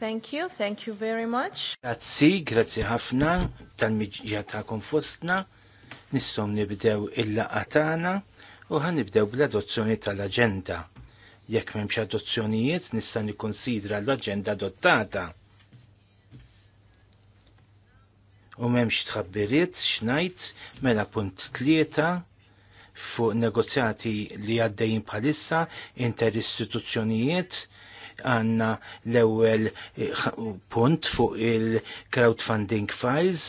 Thank you, thank you very much. Grazzi, grazzi ħafna tal-miġġija ta' fostna. Nistgħu nibdew il-laqa tagħna u ħanibdew bl-adozzjoni tal-aġenda. Jekk m'hemmx adozzjonijiet nista' nikkonsidra l-aġenda adottata. U m'hemmx tħabbiriet x'ngħid mela punt tlieta fuq negozjati li għaddejjin bħalissa interistituzzjonijiet għanna l-ewel eh, punt fuq il-crowdfunding files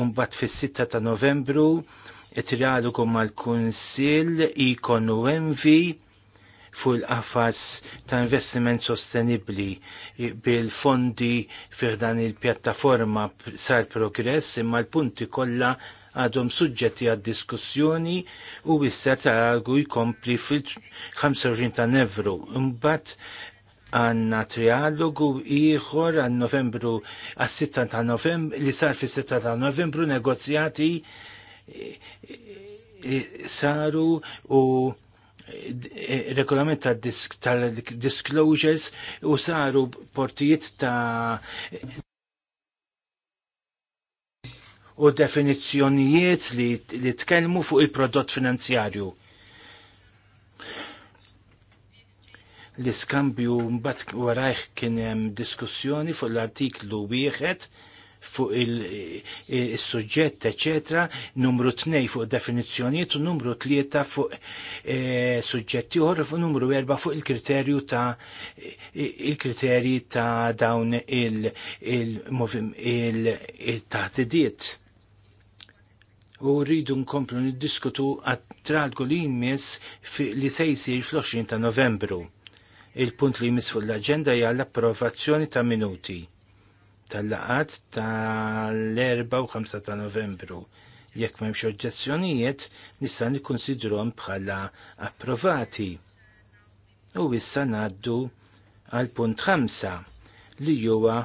un-bat fis-6 ta' novembru it-trialogu mal-Kunsil ikonu envi fuq il-qafas ta' investiment sostenibli bil-fondi fir dan il-pjattaforma sar progress imma l-punti kollha għadhom suġġetti għad diskussjoni u issa għalgu jkompli fil-25 ta' nevru. Imbagħad għanna trialogu ieħor għan novembru għas 6 ta' novembru li sar fis 6 ta' novembru negozjati e, e, e, saru u regolament tal-disclosures u saru portijiet ta' u definizjonijiet li, li tkellmu fuq il-prodott finanzjarju L-iskambju mbagħad warajh kien hemm diskussjoni fuq l-artiklu wieħed fuq il-sujġett, eccetera, numru 2 fuq definizzjonijiet u numru 3 fuq e, suġġetti oħra fuq numru 4 fuq il-kriterju ta' il-kriterji ta' dawn il-taħtidiet. U rridu nkomplu niddiskutu għat-tralgu li jmiss li se jsir fl-20 ta' novembru Il-punt li jmiss fuq l-agenda hija l-approvazzjoni ta' minuti tal-laqat tal-4 u 5 ta' novembru. Jekk m'hemmx oġġezzjonijiet, nista' nikkunsidruhom bħala approvati. U issa ngħaddu għal punt 5 li huwa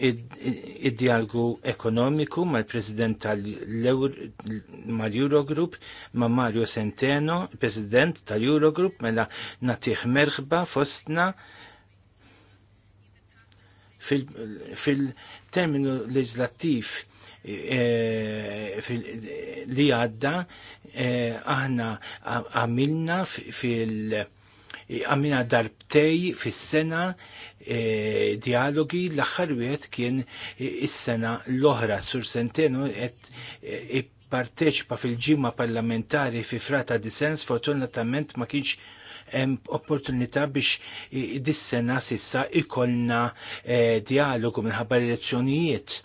id-dialgu ekonomiku mal-president tal-Eurogroup, ma Mario Centeno, president tal-Eurogroup, mela natiħ merħba fostna fil-terminu eh, fil li għadda eh, aħna għamilna fil- għamina darbtej fis-sena e, dialogi l-aħħar wieħed kien is-sena l-oħra sur senteno qed e, parteċpa fil ġimgħa parlamentari fi frata dissens fortunatament ma kienx hemm opportunità biex dis-sena sissa ikollna e, dialogu minħabba l-elezzjonijiet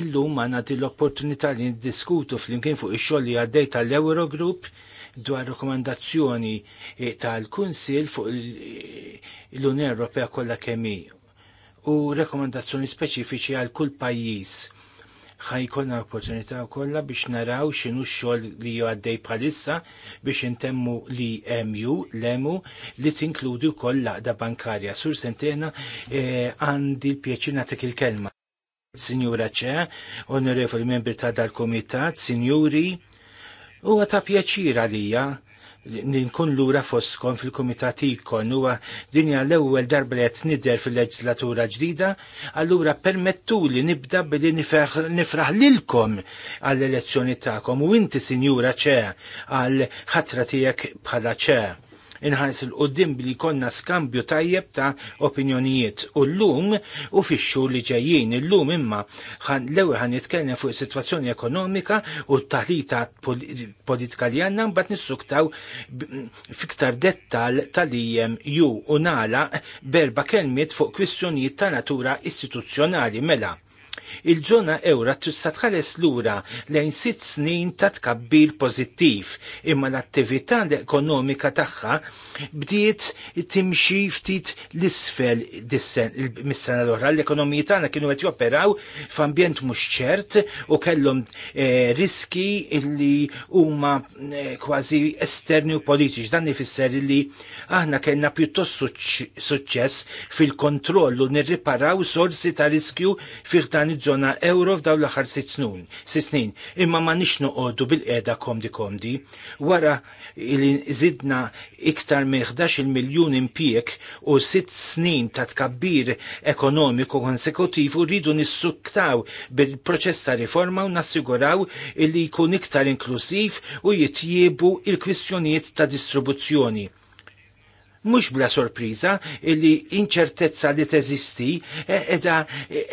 illum għana l-opportunità li niddiskutu fl-imkien fuq ix-xogħol li għaddej tal-Eurogroup dwar rekomendazzjoni eh, tal-Kunsil fuq eh, l-Unjoni Ewropea kollha kemm u rekomendazzjoni speċifiċi għal kull pajjiż ħajkonna l-opportunità kollha biex naraw x'inhu x-xogħol li għaddej bħalissa biex intemmu li emju l-EMU, li tinkludi wkoll laqda bankarja. Sur sentena eh, għandi l-pjaċir nagħtik il-kelma. Sinjura ċe, onorevoli membri ta' dal-Komitat, sinjuri, U ta' pjaċira għalija ninkun lura foskon fil-komitat ikon huwa dinja l-ewwel darba li qed nidher fil-leġislatura ġdida, allura permettu li nibda billi nifraħ lilkom għall-elezzjoni tagħkom u inti sinjura ċe għall ħatra tiegħek bħala ċe inħares il-qoddim li konna skambju tajjeb ta' opinjonijiet u l-lum u fisċu li ġejjin l-lum imma l-ewwel ħan nitkellem fuq is-sitwazzjoni ekonomika u t-taħlita politika li għandna mbagħad nissuktaw fiktar dettal tal-IEM ju u nala berba kelmiet fuq kwistjonijiet ta' natura istituzzjonali mela Il-ġona ewra tista' tħares lura lejn sitt snin ta' tkabbir pożittiv, imma l-attività ekonomika tagħha bdiet timxi ftit l-isfel mis-sena l-oħra. L-ekonomija tagħna kienu qed joperaw f'ambjent mhux ċert u kellhom eh, riski illi huma eh, kważi esterni u politiċi. Dan ifisser illi aħna kellna pjuttost suċċess fil-kontroll u nirriparaw sorsi ta' riskju fil-tani fiż-żona euro f'daw l-aħħar sitt snin, sitt snin. Imma ma nix noqogħdu bil-qiegħda komdi komdi. Wara li żidna iktar minn 11 miljun impjieg u sitt snin ta' tkabbir ekonomiku konsekutiv u rridu nissuktaw bil-proċess ta' riforma u nassiguraw li jkun iktar inklusiv u jitjiebu il-kwistjonijiet ta' distribuzzjoni mhux bla sorpriża illi inċertezza li teżisti e- edha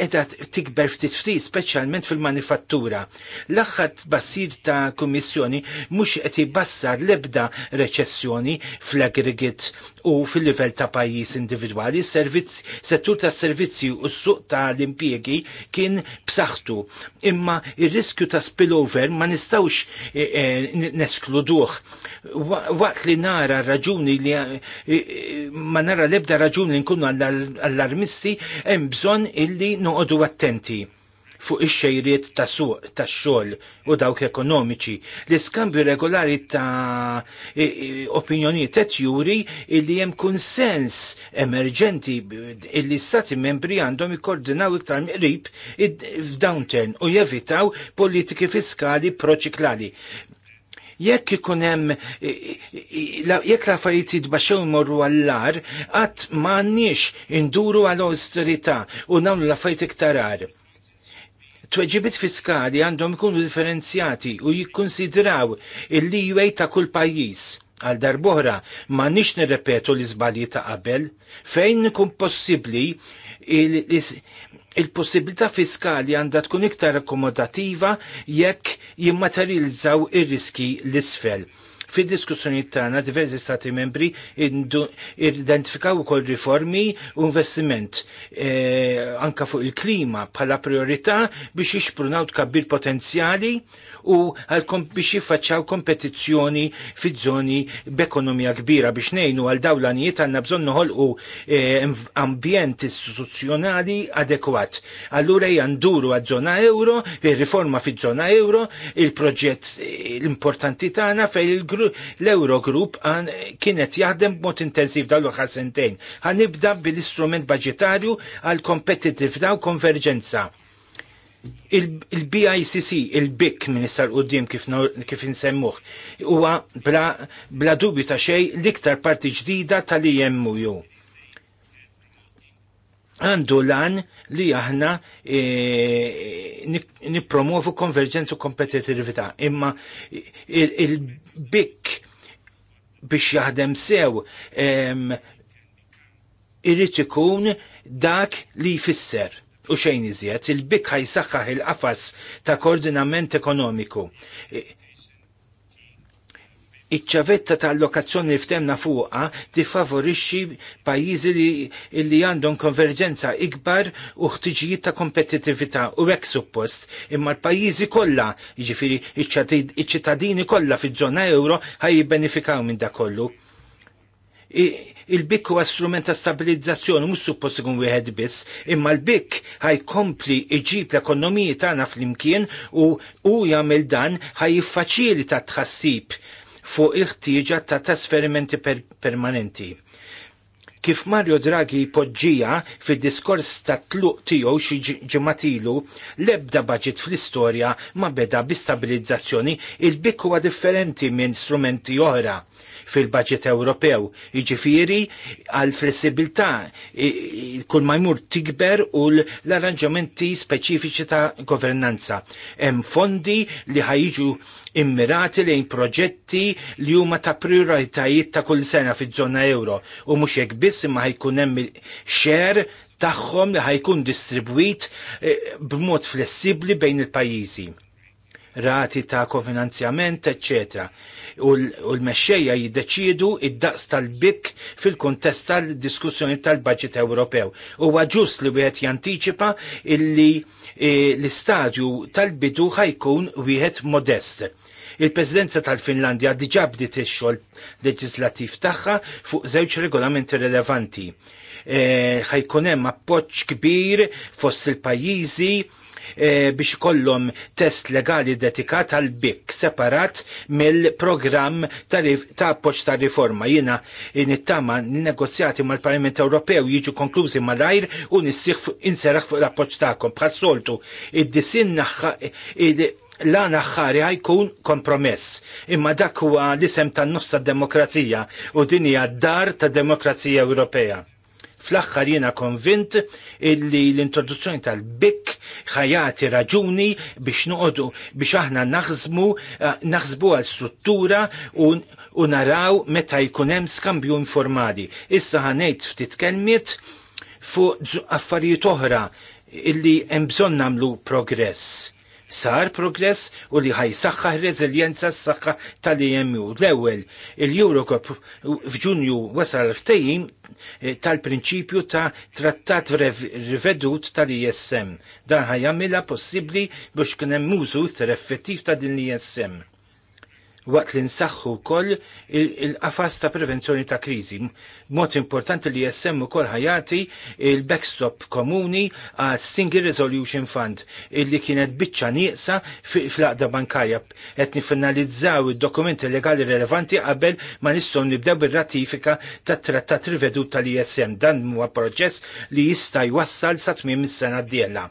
edha tikber ftit ftit speċjalment fil-manifattura. L-aħħar tbassir ta' kummissjoni mhux qed ibassar l-ebda reċessjoni fl-aggregate u fil-livell ta' pajjiż individwali, servizz settur tas servizzi u s-suq tal impjiegi kien bsaħtu. Imma ir-riskju ta' spillover ma nistawx e, e, neskluduħ. Waqt li nara raġuni li e, e ma nara lebda raġuni li nkunu allarmisti, hemm bżonn illi noqogħdu attenti fuq ix-xejriet ta' suq tax-xogħol u dawk ekonomiċi. L-iskambju regolari ta' opinjonijiet qed juri illi hemm kunsens emerġenti illi stati membri għandhom ikkordinaw iktar miqrib f'downturn u jevitaw politiki fiskali proċiklali jekk ikun hemm jekk l-affarijiet jitbaxxew imorru għall-lar, qatt m'għandniex induru għall-austerità u nagħmlu l-affarijiet iktar għar tweġibit fiskali għandhom ikunu differenzjati u jikkonsidraw il-liwej ta' kull pajjiż għal darbohra ma nix nirrepetu l-izbalji ta' qabel fejn ikun possibli il-possibilità fiskali għandha tkun iktar akkomodativa jekk jimmaterializzaw ir-riski l-isfel Fid diskussjoni tagħna diversi stati membri identifikaw ukoll riformi u investiment eh, anka fuq il-klima bħala priorità biex jixprunaw tkabbir potenzjali u għalkom biex jiffaċċaw kompetizzjoni fiż-żoni b'ekonomija kbira biex ngħinu għal dawlanijiet għandna bżonn noħolqu eh, ambjent istituzzjonali adekwat. Allura janduru għad-żona euro, ir-riforma fiż-żona euro, il-proġett l-importanti tagħna fejn l-Eurogroup kienet jaħdem b'mod intensiv dal-loħar sentejn. Ħanibda bil-istrument budgetarju għal competitive daw konverġenza il-BICC, il-BIC ministar qoddim kif, kif nsemmuħ, huwa bla, dubju ta' xej l-iktar parti ġdida tal-IMU. Għandu lan li aħna e, nipromovu konverġenzu kompetitivita, u kompetitività, imma il-BIC biex jaħdem sew irrid ikun dak li jfisser u xejn iżjed, il-bik ħajsaħħaħ il-qafas ta' koordinament ekonomiku. Iċ-ċavetta ta' allokazzjoni li ftemna fuqa tifavorixxi pajjiżi li, għandhom konverġenza ikbar u ħtiġijiet ta' kompetittività u hekk suppost. Imma l-pajjiżi kollha, jiġifieri iċ-ċittadini kollha fiż-żona euro ħaj jibbenifikaw minn dak kollu il-bik huwa strument ta' stabilizzazzjoni mhux suppost ikun wieħed biss, imma l-bik ħajkompli iġib l-ekonomiji tagħna flimkien u u jagħmel dan ħajjiffaċilita tħassib fuq il-ħtieġa ta' trasferimenti per permanenti. Kif Mario Draghi poġġija fid diskors ta' tluq tiegħu xi ġimatilu, l-ebda baġit fl-istorja ma beda bi stabilizzazzjoni il-bik huwa differenti minn strumenti oħra fil-budget Ewropew. Iġifiri, għal flessibilità kull ma jmur tikber u l-arranġamenti speċifiċi ta' governanza. Hemm fondi li ħajġu immirati lejn proġetti li huma ta' prioritajiet ta' kull sena fiż-żona euro u mhux hekk biss imma ħajkun hemm xer tagħhom li ħajkun distribwit eh, b'mod flessibbli bejn il-pajjiżi rati ta' kofinanzjament, etc. U l-mexxejja jiddeċiedu id-daqs tal-bik fil-kontest tal-diskussjoni tal-budget Ewropew. Huwa ġust li wieħed jantiċipa illi eh, l-istadju tal-bidu ħajkun wieħed modest il-Presidenza tal-Finlandja diġab bdiet ix-xogħol leġislattiv tagħha fuq żewġ regolamenti rilevanti. Eh, ħajkun hemm appoġġ kbir fost il-pajjiżi Eh, biex kollhom test legali dedikat għal bik separat mill-programm ta' appoġġ ta' riforma. Jiena nittama negozjati mal-Parlament Ewropew jiġu konklużi malajr ajr u inseraħ fuq l-appoġġ tagħkom. Bħassoltu id-disin l-għana ħari ħajkun kompromess. Imma dak huwa l-isem tan-nofs tad-demokrazija u din hija d-dar tad-demokrazija Ewropea Fl-axħar jiena konvint illi l-introduzzjoni tal-bik ħajati raġuni biex noqogħdu biex aħna naħsmu eh, naħsbu għal struttura u naraw meta jkun hemm skambju informali. Issa ħanejt ftit kelmiet fuq affarijiet oħra illi hemm bżonn nagħmlu progress sar progress u li ħajsaxħa r-reżiljenza s saħħa tal-EMU. L-ewel, il eurocorp f'Ġunju wasal ftejim Eh, tal-prinċipju ta' trattat rivedut tal-ISM. Dan ħajamila possibbli biex kien hemm użu iktar effettiv ta' din l-ISM waqt li nsaħħu wkoll il-qafas ta' prevenzjoni ta' kriżi. Mod importanti li jessemmu ukoll ħajati il-backstop komuni għal Single Resolution Fund illi kienet biċċa nieqsa fl-aqda bankarja qed nifinalizzaw id-dokumenti legali relevanti qabel ma nistgħu nibdew bir-ratifika tat-trattat riveduta tal-ISM. Dan huwa proċess li jista' jwassal sa tmiem is-sena d-diela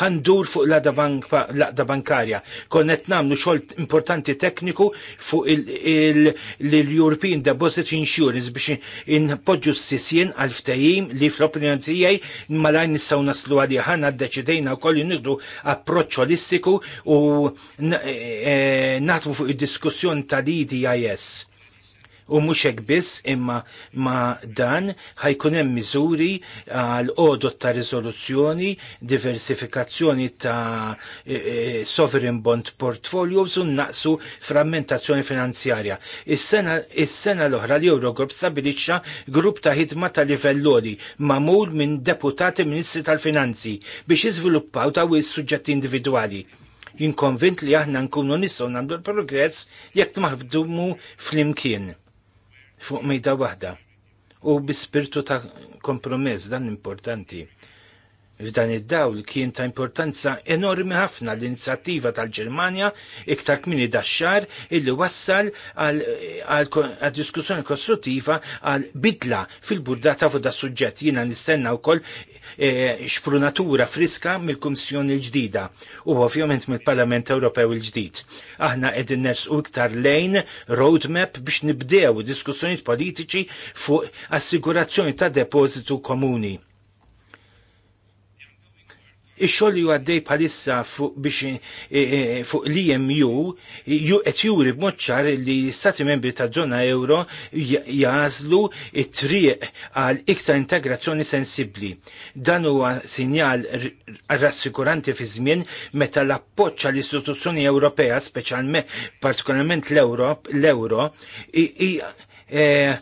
ħandur fuq l-aqda bankarja. Konnet namlu xol importanti tekniku fuq l-European Deposit Insurance biex inpoġġu s-sisjen għal-ftajim li fl opinjon tijaj malajn nissaw naslu għalli ħana d-deċidejna u kolli nirdu e- approċċ e- holistiku u naħtmu fuq il-diskussjon tal-IDIS U mhux hekk biss imma ma dan ħajkun hemm miżuri għal qodot ta' riżoluzzjoni, diversifikazzjoni ta' e, e, sovereign bond portfolios u naqsu frammentazzjoni finanzjarja. Is-sena l-oħra li Eurogrupp stabilixxa grupp ta' ħidma ta' livelloli mamul minn deputati ministri tal-finanzi biex jiżviluppaw ta' is-suġġetti individwali jinkonvint li aħna nkunu nistgħu nagħmlu l-progress jekk maħdumu flimkien fuq mejda waħda u bi spirtu ta' kompromess dan importanti F'dan id-dawl kien ta' importanza enormi ħafna l-inizjattiva tal-Ġermanja iktar kmini daċċar illi wassal għal diskussjoni kostruttiva għal bidla fil-burdata fuq da' suġġett jina nistenna wkoll e, xprunatura friska mill-Kummissjoni l-ġdida u ovvjament mill-Parlament Ewropew il-ġdid. Aħna qegħdin u iktar lejn roadmap biex nibdew diskussjonijiet politiċi fuq assigurazzjoni ta' depożitu komuni Ix-xogħol li għaddej bħalissa fuq biex eh, eh, fuq l-EMU qed juri b'mod ċar li stati membri taż-żona euro jażlu it-triq għal iktar integrazzjoni sensibbli. Dan huwa sinjal rassikuranti fi żmien meta l-appoġġ għall istituzzjoni Ewropea speċjalment partikolarment l-Euro l-Euro eh,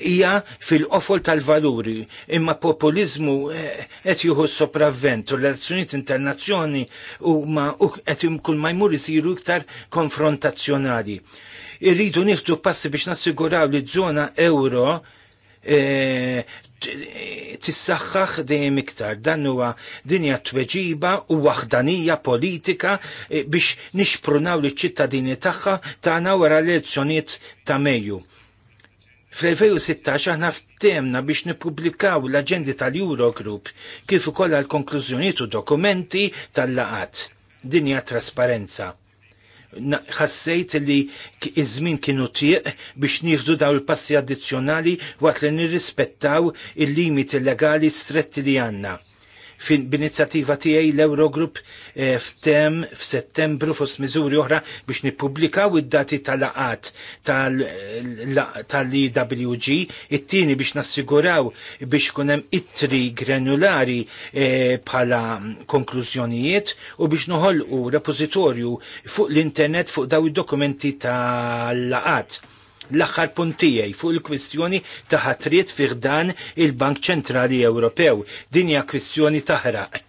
hija fil-qofol tal-valuri, imma populizmu eh, qed jieħu sopravvent u l-azzjonijiet internazzjoni ma qed kull ma jmur isiru iktar konfrontazzjonali. Irridu nieħdu passi biex nassiguraw li żona euro eh, tissaxħax dejjem iktar. Dan huwa dinja tweġiba u waħdanija politika eh, biex nixprunaw liċ ċittadini tagħha tagħna wara l-elezzjonijiet ta' Mejju. Fl-2016 aħna ftemna biex nippubblikaw l-aġendi tal-Eurogroup kif ukoll għal konklużjonijiet u dokumenti tal-laqat. Dinja trasparenza. Ħassejt li iż-żmien kienu tieq biex nieħdu daw il-passi addizzjonali waqt li nirrispettaw il-limiti legali stretti li għandna fin b'inizjattiva tiegħi l-Eurogroup eh, f'tem f'Settembru fost miżuri oħra biex nippubblikaw id-dati tal-laqat tal-EWG, it-tieni biex nassiguraw biex kunem ittri granulari eh, bħala konklużjonijiet u biex noħolqu repożitorju fuq l-internet fuq daw id-dokumenti tal-laqat l-aħħar puntijaj fuq il-kwistjoni ta' ħatriet fih dan il-Bank Ċentrali Ewropew. Din hija kwistjoni taħraq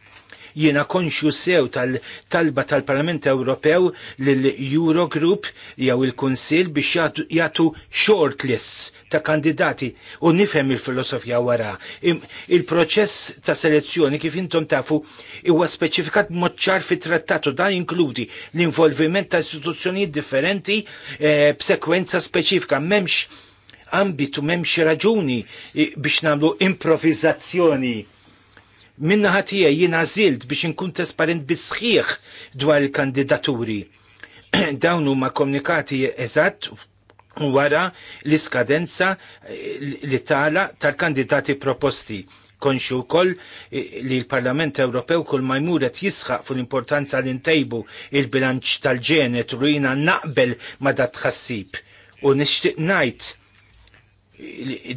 Jiena konxju sew tal-talba tal-Parlament Ewropew lill-Eurogroup jew il-Kunsill biex jagħtu shortlists ta' kandidati u nifhem il-filosofija wara. Il-proċess ta' selezzjoni kif intom tafu huwa speċifikat moċċar fit-trattatu dan inkludi l-involviment ta' istituzzjonijiet differenti eh, b'sekwenza speċifika m'hemmx ambitu memx raġuni biex namlu improvvizazzjoni Minna ħatija jina zilt biex nkun trasparent bisħiħ dwar il-kandidaturi. Dawn huma komunikati eżatt wara l-iskadenza eh, li tala tal-kandidati proposti konxu wkoll eh, li l-Parlament Ewropew kull majmuret jisħaq fuq l-importanza li ntejbu il-bilanċ tal-ġenet u jina naqbel ma dat tħassib. U nixtieq ngħid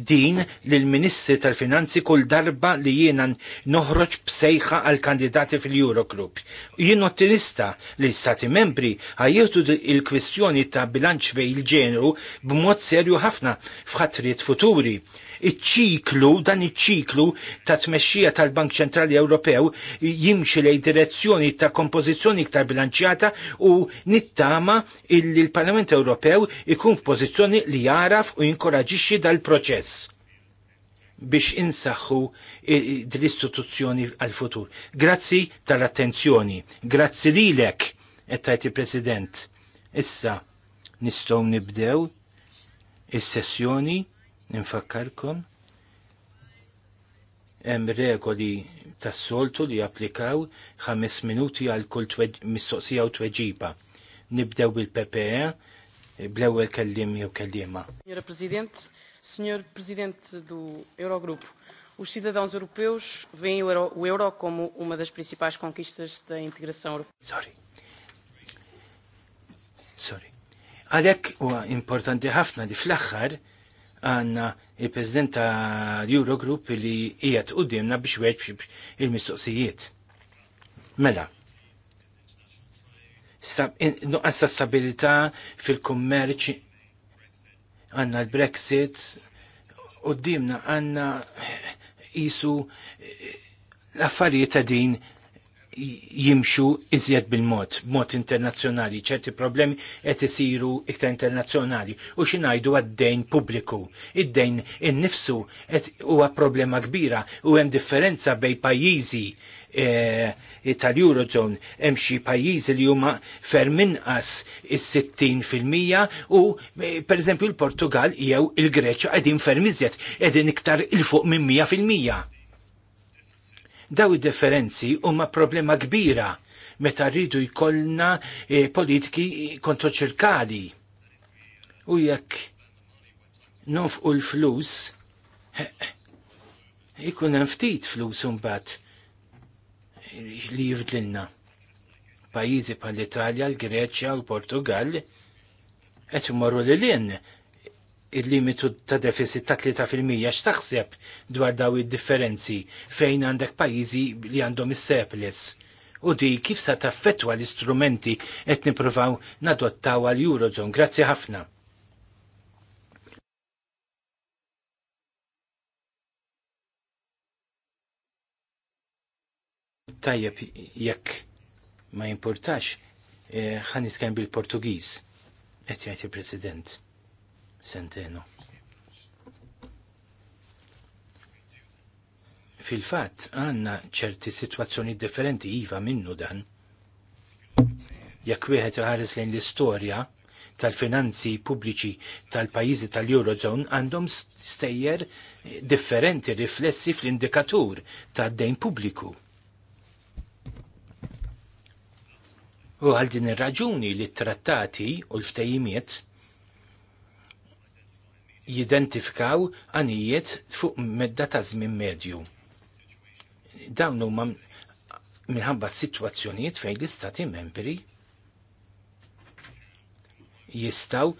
din lill-Ministri tal-Finanzi kull darba li jiena noħroġ bsejħa għal kandidati fil-Eurogroup. Jien ottimista li stati membri ħajjetu il-kwistjoni ta' bilanċ bej il-ġeneru b'mod serju ħafna f'ħatrijiet futuri iċ-ċiklu, dan iċ-ċiklu ta' tmexxija tal-Bank Ċentrali Ewropew jimxi lej direzzjoni ta' kompożizzjoni iktar bilanċjata u nittama illi l-Parlament Ewropew ikun f'pożizzjoni li jaraf u jinkoraġixxi dal-proċess biex insaħħu l-istituzzjoni għal-futur. Grazzi tal-attenzjoni. Grazzi lilek, ettajti president. Issa, nistgħu nibdew is-sessjoni nfakkarkom hemm regoli tas-soltu li japplikaw ħames minuti għal kull mistoqsija u tweġiba. Nibdew bil-PPE bl-ewwel kellim jew kelliema. Signora President, Signor President du Eurogrupo, os cidadãos europeus veem o euro, o euro como uma das principais conquistas da integração europeia. Sorry. Sorry. Għalhekk huwa importanti ħafna li fl-aħħar għanna il-President ta' Eurogroup li qiegħed qudiemna biex weġb il-mistoqsijiet. Mela, nuqqas ta' stabilità fil-kummerċ għanna l-Brexit u d-dimna għanna jisu l-affarijiet ta' din jimxu iżjed bil-mod, mod internazzjonali, ċerti problemi qed isiru iktar internazzjonali u xi ngħidu għad-dejn pubbliku. Id-dejn innifsu qed huwa problema kbira u hemm differenza bejn pajjiżi e, tal-Eurozone hemm xi pajjiżi li huma ferm inqas is-60 fil-mija u eh, pereżempju l-Portugal jew il-Greċja qegħdin ferm iżjed qegħdin iktar il fuq minn 100 fil-mija Daw differenzi huma problema kbira meta rridu jkollna e, politiki kontroċirkali. U jekk nofqu l-flus, ikun hemm ftit flus imbagħad li jifdlilna. Pajjiżi bħall-Italja, l-Greċja, l-Portugal, qed imorru lil hinn il-limitu ta' deficit ta' 3% x'taħseb dwar daw id-differenzi fejn għandek pajjiżi li għandhom is-surplus. U di kif sa taffetwa l-istrumenti qed nippruvaw nadottaw għal Eurozone. Grazzi ħafna. Tajjeb, jekk ma jimportax, eh, ħan eh, bil-Portugiż, qed jgħid il-President sentejn. Fil-fatt għanna ċerti situazzjoni differenti iva minnu dan. Jekk wieħed iħares lejn l-istorja tal-finanzi pubbliċi tal-pajjiżi tal eurozon għandhom stejjer differenti riflessi fl-indikatur tad-dejn pubbliku. U għal din ir-raġuni li t-trattati u l-ftejimiet jidentifikaw għanijiet fuq medda ta' żmien medju. Dawn huma minħabba situazzjonijiet fejn l-istati membri jistaw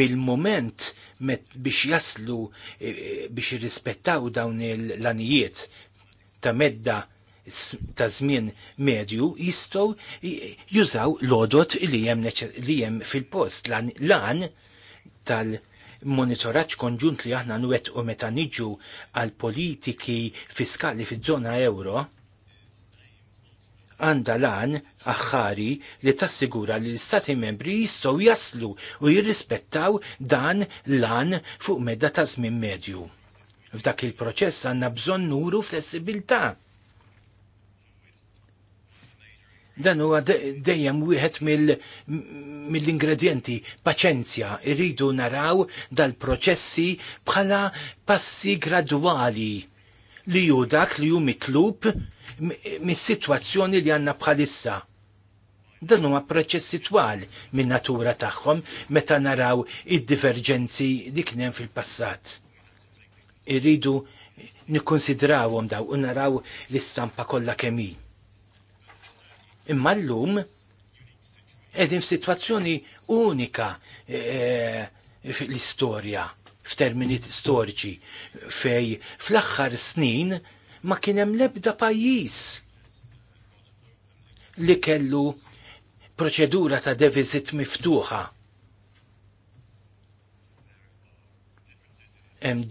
mill-moment biex jaslu e, e, biex jirrispettaw dawn l-anijiet ta' medda ta' żmien medju jistgħu jużaw l-odot li hemm fil-post lan, lan tal- monitoraġġ konġunt li aħna nwet u meta niġu għal politiki fiskali fiż-żona euro għanda lan aħħari li tassigura li l-istati membri jistgħu jaslu u jirrispettaw dan lan fuq medda ta' żmien medju. F'dak il-proċess għandna bżonn nuru flessibilità Dan huwa dejjem wieħed mill-ingredienti paċenzja irridu naraw dal-proċessi bħala passi gradwali li ju dak li ju mitlub mis-sitwazzjoni li għandna bħalissa dan huma proċessi twal minn natura tagħhom meta naraw id-diverġenzi li kien hemm fil-passat. Irridu nikkonsidrawhom daw u naraw l-istampa kollha kemm hi. Imma llum qegħdin f'sitwazzjoni unika e, e fl-istorja, f'termini storiċi, fej fl-aħħar snin ma kien hemm l-ebda pajjiż li kellu proċedura ta' deficit miftuħa. Hemm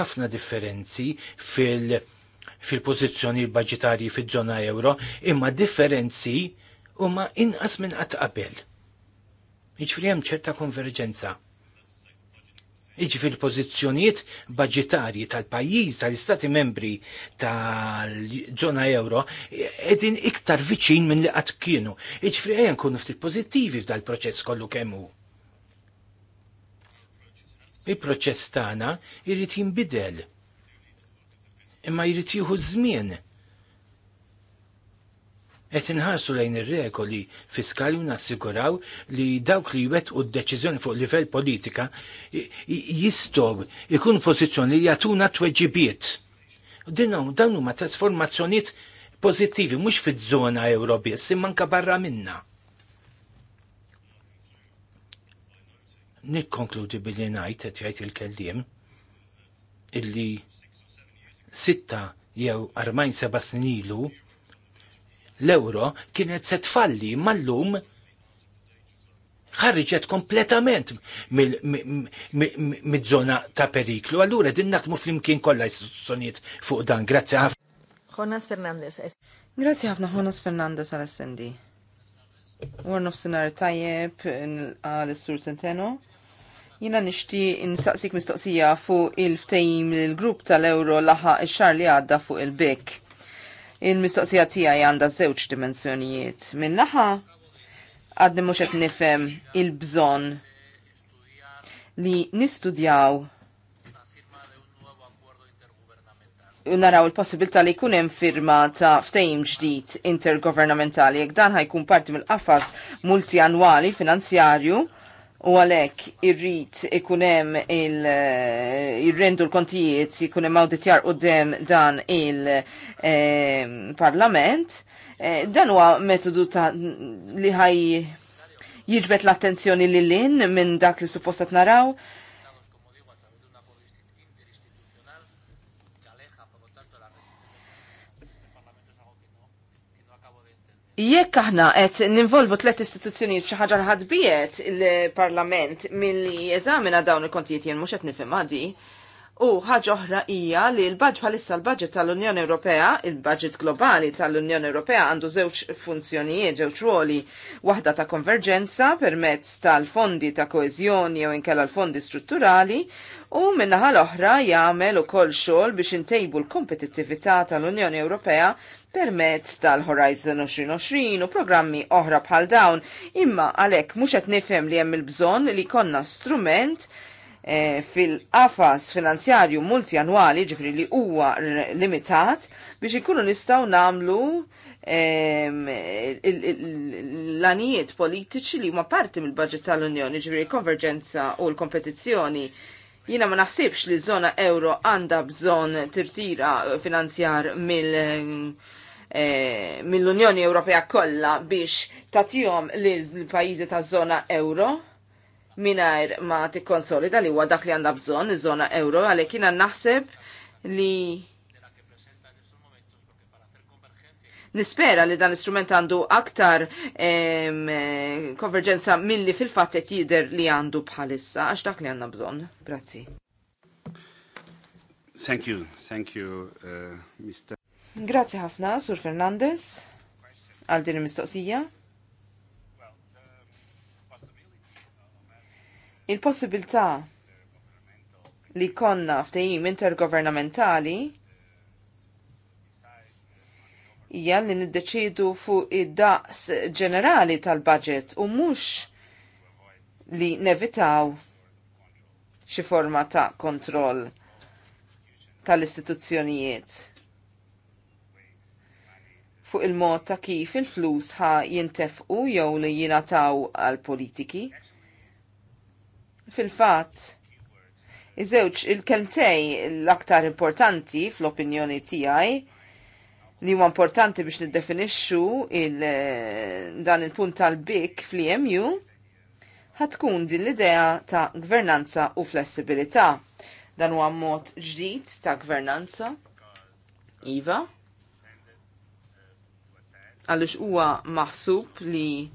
ħafna differenzi fil- fil-pożizzjoni budġetarji fiż-żona euro, imma differenzi huma inqas minn qatt qabel. Jiġifieri hemm ċerta konverġenza. Jiġifieri l-pożizzjonijiet budġetarji tal-pajjiż tal-Istati membri tal-żona euro qegħdin iktar viċin minn li qatt kienu. Iġifri ejja kunu ftit pożittivi f'dal proċess kollu kemm hu. Il-proċess tagħna jrid jinbidel imma jrid jieħu żmien. Qed inħarsu lejn ir-regoli fiskali u nassiguraw li dawk li jwettqu d-deċiżjoni fuq livell politika jistgħu ikun pożizzjoni li jagħtuna tweġibiet. Dinhom dawn huma trasformazzjonijiet pożittivi mhux fiż-żona Ewro biss imma anke barra minna. Nikkonkludi billi ngħid qed jgħid il-kelliem illi sitta jew armajn seba' snin ilu l-euro kienet se tfalli mallum ħarriġet kompletament mid-żona ta' periklu. Allura din naħdmu fl-imkien kollha istituzzjonijiet fuq dan. Grazzi ħafna. Jonas Fernandez. Grazzi ħafna Jonas Fernandez għal-SND. Warnof Sinar Tajjeb, għal-Sur Centeno. Jina nishti insaqsik mistoqsija fuq il-ftejim il-grupp tal-euro laħa il-xar li għadda fuq il-bik. Il-mistoqsija tija għanda zewċ dimensjonijiet. Minnaħa għadni muxet nifem il-bżon li nistudjaw naraw il-possibilità li jkun hemm firma ta' ftehim ġdid intergovernamentali jekk dan ħajkun parti mill-qafas multianwali finanzjarju u għalek irrit ikunem il-rendu eh, l-kontijiet ikunem auditjar u dem dan il-parlament, eh, eh, dan huwa metodu ta' li ħaj jiġbet l-attenzjoni li l-in minn dak li suppostat naraw, Jekk aħna qed ninvolvu tliet istituzzjonijiet f'xi ħaġa ħadbiet il-Parlament milli jeżamina dawn il-kontijiet jien mhux qed nifhem għadi, U ħaġa oħra hija li l-baġġ bħalissa l-baġġet tal-Unjoni Ewropea, il-baġġet globali tal-Unjoni Ewropea għandu żewġ funzjonijiet, żewġ ruoli, waħda ta' konverġenza permezz tal-fondi ta' koeżjoni jew inkella l-fondi strutturali, u minnaħal l-oħra jagħmel ukoll xogħol biex intejbu l-kompetittività tal-Unjoni Ewropea permezz tal-Horizon 2020 u programmi oħra bħal dawn, imma għalek mux qed nifhem li hemm il-bżonn li konna strument e, fil-qafas finanzjarju multianwali ġifri li huwa limitat biex ikunu nistaw namlu ehm, l-anijiet politiċi li huma parti mill-budget tal-Unjoni ġifri konverġenza u l-kompetizzjoni jina ma naħsibx li zona euro għanda bżon tirtira finanzjar mill Eh, mill-Unjoni Ewropea kollha biex tagħtihom lill-pajjiżi taż-żona euro mingħajr ma tikkonsolida li huwa dak li għandha bżonn iż-żona euro għalhekk jiena naħseb li nispera li dan l-istrument għandu aktar em, konverġenza milli fil-fatt qed jidher li għandu bħalissa għax dak li għandna bżonn. Grazzi. Thank you, thank you, uh, Mr. Grazzi ħafna, Sur Fernandez, għal din il-mistoqsija. Il-possibilità li konna ftejim intergovernamentali hija li niddeċidu fuq id-daqs ġenerali tal-budget u mhux li nevitaw xi forma ta' kontroll tal-istituzzjonijiet fuq il-mod ta' kif il-flus ħa jintefqu jew li jinataw għal politiki. Fil-fatt, iżewċ il-kelmtej l-aktar importanti fl-opinjoni tiegħi li huwa importanti biex niddefinixxu il dan il-punt tal-bik fl-EMU ħatkun din l-idea ta' gvernanza u flessibilità. Dan huwa mod ġdid ta' gvernanza. Iva, għalix huwa maħsub li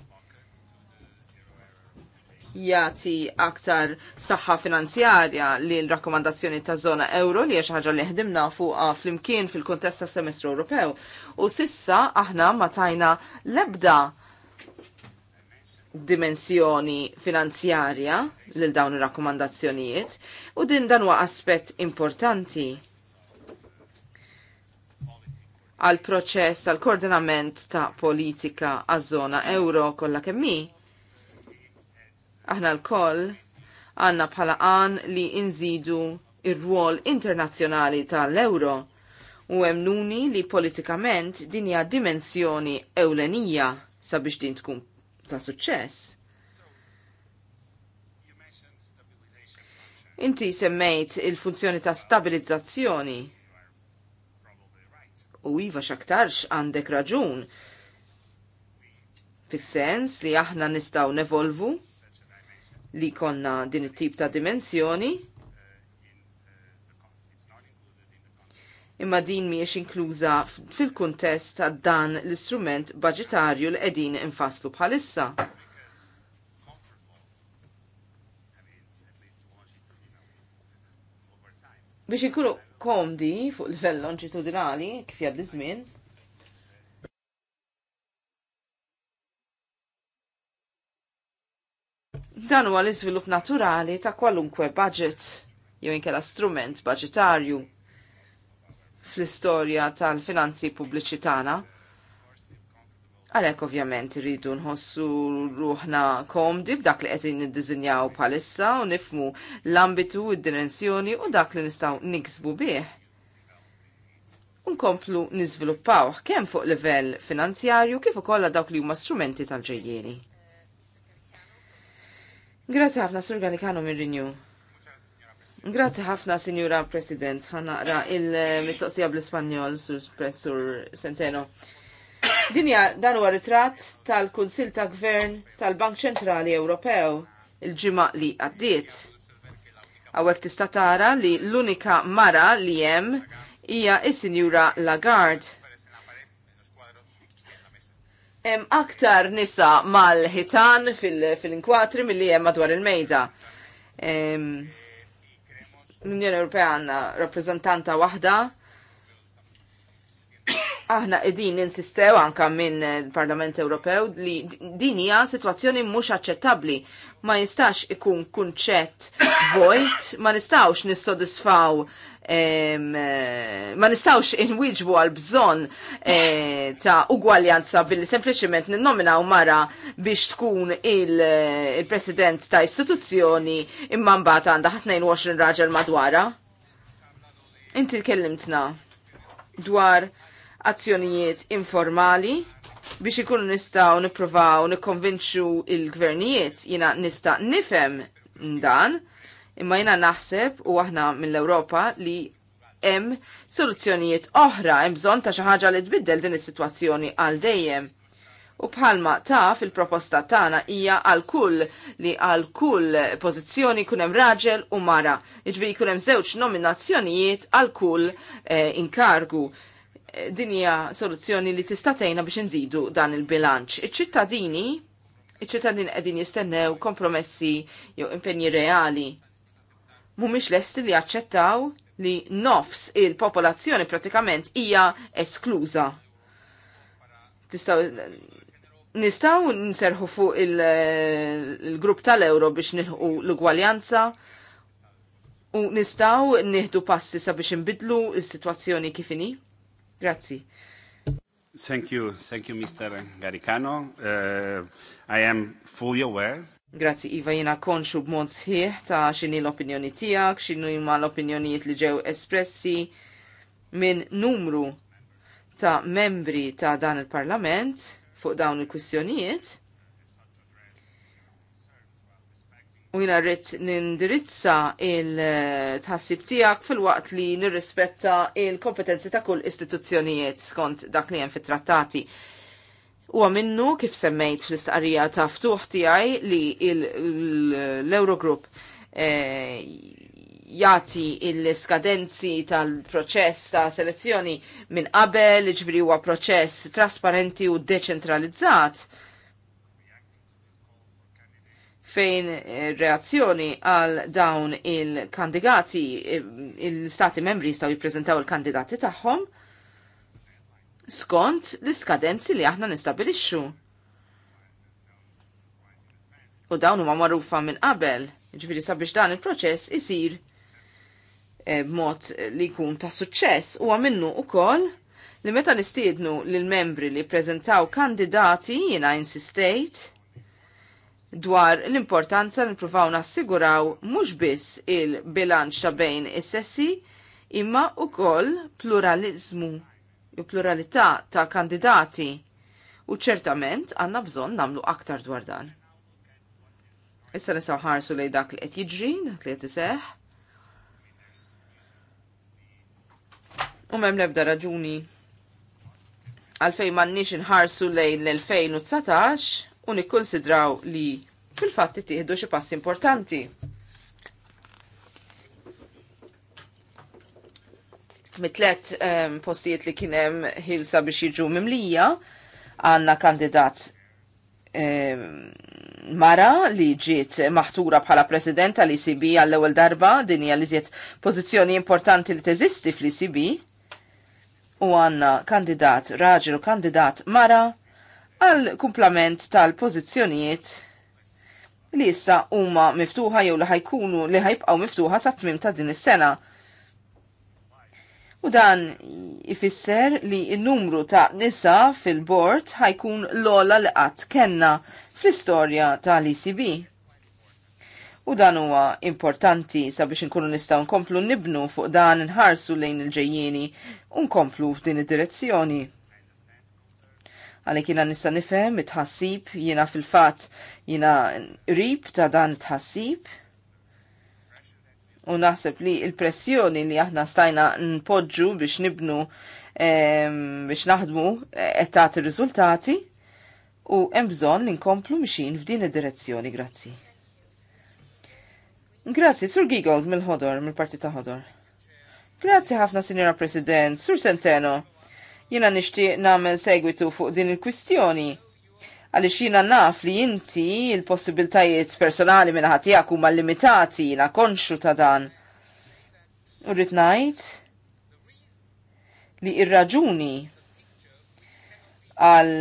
jati aktar saħħa finanzjarja li l-rakkomandazzjoni ta' zona euro li ħaġa li ħdimna fuqha flimkien fil kontesta semestru Ewropew. U sissa aħna ma tajna lebda dimensjoni finanzjarja lil dawn ir-rakkomandazzjonijiet u din dan huwa aspett importanti għal proċess tal-koordinament ta' politika għaż-żona euro kollha kemmi. Aħna l-koll għanna bħala għan li inżidu ir-rwol internazzjonali tal-euro u emnuni li politikament din hija dimensjoni ewlenija sabiex din tkun ta' suċċess. Inti semmejt il-funzjoni ta' stabilizzazzjoni U iva xaktarx għandek raġun. Fis-sens li aħna nistaw nevolvu li konna din it-tip ta' dimensjoni. Imma din miex inkluża fil-kuntest ta' dan l-istrument budgetarju li qegħdin infaslu bħalissa. Biex inkunu komdi fuq l-level longitudinali kif jgħaddi żmien. Dan huwa l-iżvilupp naturali ta' kwalunkwe budget jew inkella strument budgetarju fl-istorja tal-finanzi pubbliċi tagħna. Għalek ovvjament rridu nħossu ruħna komdi b'dak li qegħdin niddiżinjaw bħalissa u nifmu l-ambitu, id-dimensjoni u dak li nistgħu niksbu bih. Unkomplu niżviluppawh kemm fuq livell finanzjarju kif ukoll dawk li huma strumenti tal-ġejjieni. Grazzi ħafna Sur Galikano mir-Renew. Grazzi ħafna, Sinjura President. Ħanaqra il-mistoqsija bl-Ispanjol, Sur Centeno. Dinja dan huwa ritratt tal-Kunsil ta' Gvern tal-Bank Ċentrali Ewropew il-ġimgħa li għaddiet. Hawnhekk tista' tara li l-unika mara li hemm hija is-Sinjura Lagarde. Hemm aktar nisa mal-ħitan fil-inkwatri mill milli hemm madwar il-mejda. L-Unjoni Ewropea għandna rappreżentanta waħda aħna qegħdin insistew anka minn Parlament Ewropew li din hija sitwazzjoni mhux aċċettabbli. Ma jistax ikun kunċett vojt, ma nistawx nissodisfaw eh, ma nistawx inwiġbu għal bżon eh, ta' ugwaljanza billi sempliciment ninnominaw mara biex tkun eh, il-president ta' istituzzjoni imma mbagħad għandha 22 raġel madwara. Inti tkellimtna dwar azzjonijiet informali biex ikunu nistaw niprovaw nikkonvinċu il-gvernijiet jina nista nifem dan imma jina naħseb u aħna mill-Ewropa li hemm soluzzjonijiet oħra hemm bżonn ta' xi ħaġa li tbiddel din is-sitwazzjoni għal dejjem. U bħalma taf il-proposta tagħna hija għal kull li għal kull pożizzjoni kun hemm raġel u mara. Jiġifieri jkun hemm żewġ nominazzjonijiet għal kull eh, inkargu dinja soluzzjoni li tista' tgħinna biex nżidu dan il-bilanċ. Iċ-ċittadini iċ-ċittadini qegħdin jistennew kompromessi jew impenji reali mhumiex lesti li jaċċettaw li nofs il-popolazzjoni pratikament hija eskluża. Tistaw nistaw nserħu fuq il-grupp il tal-euro biex nilħu l-ugwaljanza u nistaw nieħdu passi sabiex nbidlu s-sitwazzjoni kifini. Grazzi. Thank you, thank you Mr. Garicano. Uh, I am fully aware. Grazzi Iva jina konxu b'mod sħiħ ta' xini l-opinjoni tijak, xinu ma l-opinjonijiet li ġew espressi minn numru ta' membri ta' dan il-parlament fuq dawn il-kwistjonijiet u jina rrit nindirizza il-tħassib tijak fil-waqt li nirrispetta il-kompetenzi ta' kull istituzzjonijiet skont dak li jen fit-trattati. U minnu kif semmejt fl-istqarrija ta' ftuħ tijaj li l-Eurogroup eh, jati il-skadenzi tal-proċess ta' selezzjoni minn qabel, ġviri huwa proċess trasparenti u deċentralizzat fejn reazzjoni għal dawn il-kandidati, il-stati membri jistaw jiprezentaw il-kandidati tagħhom skont l-iskadenzi li aħna nistabilixxu. U dawn huma magħrufa minn qabel, ġifieri sabiex dan il-proċess isir eh, b'mod li jkun ta' suċċess huwa minnu ukoll li meta nistiednu lil membri li prezentaw kandidati jiena insistejt dwar l-importanza li nipruvaw nassiguraw mhux biss il-bilanċ ta' bejn is-sessi imma ukoll pluralizmu u pluralità ta' kandidati u ċertament għandna bżonn nagħmlu aktar dwar dan. Issa nisaw ħarsu lejn dak li qed jiġri, dak li qed iseħħ. U l-ebda raġuni għalfej mannix inħarsu lejn l-2019 u nikkonsidraw li fil-fatt tieħdu xi pass importanti. Mitlet um, ehm, postijiet li kienem ħilsa biex jiġu mimlija, għanna kandidat um, Mara li ġiet maħtura bħala president tal icb għall ewwel darba din hija li ziet pożizzjoni importanti li teżisti fl-ICB u għanna kandidat raġel u kandidat Mara għal kumplament tal-pożizzjonijiet li issa huma miftuħa jew li ħajkunu li ħajbqgħu miftuħa sa tmim ta' din is-sena. U dan ifisser li n-numru ta' nisa fil-bord ħajkun l-ola li qatt kenna fl-istorja tal-ECB. U dan huwa importanti sabiex inkunu nistgħu nkomplu nibnu fuq dan nħarsu lejn il-ġejjieni u nkomplu f'din id-direzzjoni għalek jina nista nifem it-ħassib, jina fil-fat jina rib ta' dan it-ħassib. U naħseb li il-pressjoni li aħna stajna npoġġu biex nibnu biex naħdmu e, qed tagħti riżultati u hemm bżonn li nkomplu mixin f'din id-direzzjoni, grazzi. Grazzi, Sur Gigold mill-ħodor, mill-parti ta' ħodor. Grazzi ħafna, Sinjora President, Sur Centeno jina nishti namel segwitu fuq din il-kwistjoni għalix jina naf li jinti il-possibiltajiet personali minna ħatijak huma limitati jina konxu ta' dan. U najt li irraġuni raġuni għal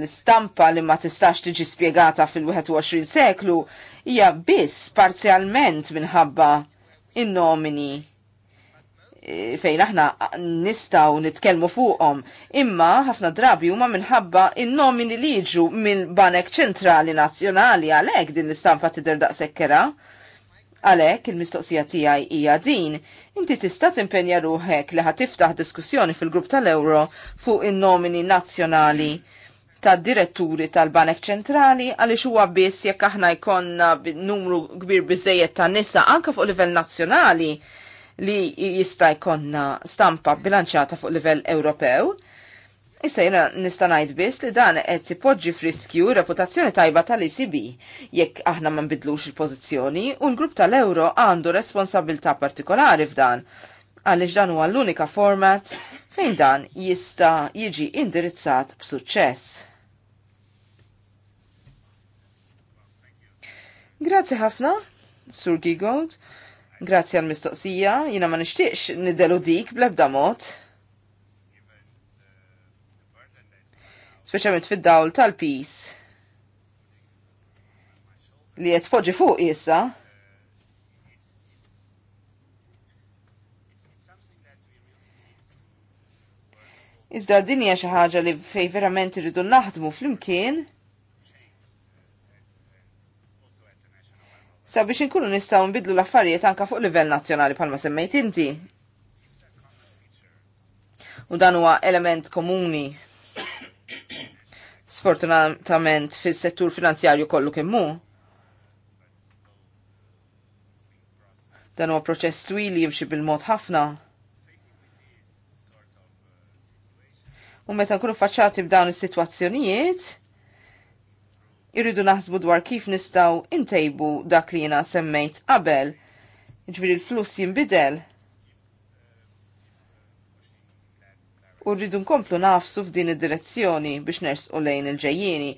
l-istampa li ma tistax tiġi spiegata fil-21 seklu hija biss parzjalment minħabba in-nomini fejn aħna nistaw nitkellmu fuqhom, imma ħafna drabi huma minħabba in-nomini li jiġu minn Banek Ċentrali Nazzjonali għalhekk din l-istampa tidher daqsekkera. Għalhekk il-mistoqsija tiegħi hija din, inti tista' timpenja ruħek li ħatiftaħ diskussjoni fil-grupp tal-Ewro fuq in-nomini nazzjonali tad diretturi tal-Banek Ċentrali għaliex huwa biss jekk aħna jkollna numru kbir biżejjed ta' nisa anke fuq livell nazzjonali li jista' jkollna stampa bilanċata fuq livell Ewropew. Issa jena nistanajt biss li dan qed ipoġġi friskju reputazzjoni tajba tal-ECB jekk aħna ma nbidlux il-pożizzjoni u l-grupp tal-Euro għandu responsabilità partikolari f'dan għaliex dan huwa l-unika format fejn dan jista' jiġi indirizzat b'suċċess. Grazzi ħafna, Sur Gigold. Grazzi għal-mistoqsija, jina ma nishtiqx nidelu dik blebda mod. Speċjalment fid-dawl tal-pis li qed poġġi fuq issa. Iżda din hija xi ħaġa li fej verament irridu naħdmu flimkien. sabiex inkunu nistaw nbidlu l-affarijiet anka fuq livell nazzjonali palma semmejt inti. U dan huwa element komuni. Sfortunatament fis-settur finanzjarju kollu kemmu. Dan huwa proċess twili jimxi bil-mod ħafna. U meta nkunu faċċati b'dawn is-sitwazzjonijiet, irridu naħsbu dwar kif nistaw intejbu dak li jena semmejt qabel. Ġviri l-fluss jimbidel. U rridu nkomplu nafsu f'din id-direzzjoni biex nersqu lejn il ġejjini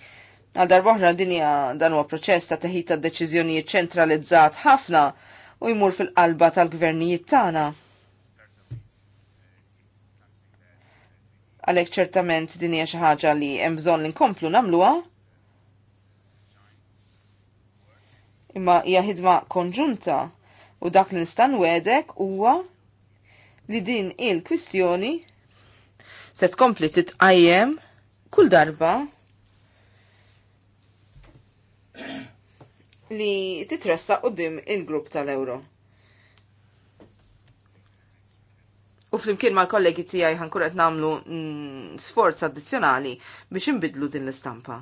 Għal darbohra dinja dan huwa proċess ta' teħid ta' deċiżjonijiet ċentralizzat ħafna u jmur fil-qalba tal-gvernijiet tagħna. Għalhekk ċertament din hija xi ħaġa li hemm bżonn li nkomplu nagħmluha, imma hija ħidma konġunta u dak li nistan wedek huwa li din il-kwistjoni se tkompli titqajjem kull darba li titressa qudiem il-grupp tal ewro U flimkien mal-kollegi tiegħi ħankuret nagħmlu mm, sforz addizzjonali biex inbidlu din l-istampa.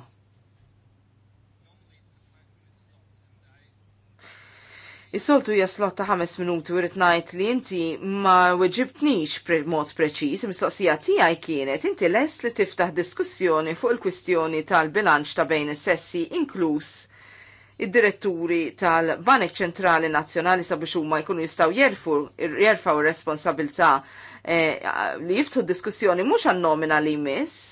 Is-soltu jaslot ta' ħames minuti u ngħid li inti ma weġibtnix pre mod preċiż, mistoqsija tiegħi kienet inti lest li tiftaħ diskussjoni fuq il-kwistjoni tal-bilanċ ta' bejn is-sessi inkluż id-diretturi tal-Banek Ċentrali Nazzjonali sabiex huma jkunu jistgħu jerfu jerfaw responsabilta' responsabilità eh, li jiftħu d diskussjoni mhux għan-nomina li jmiss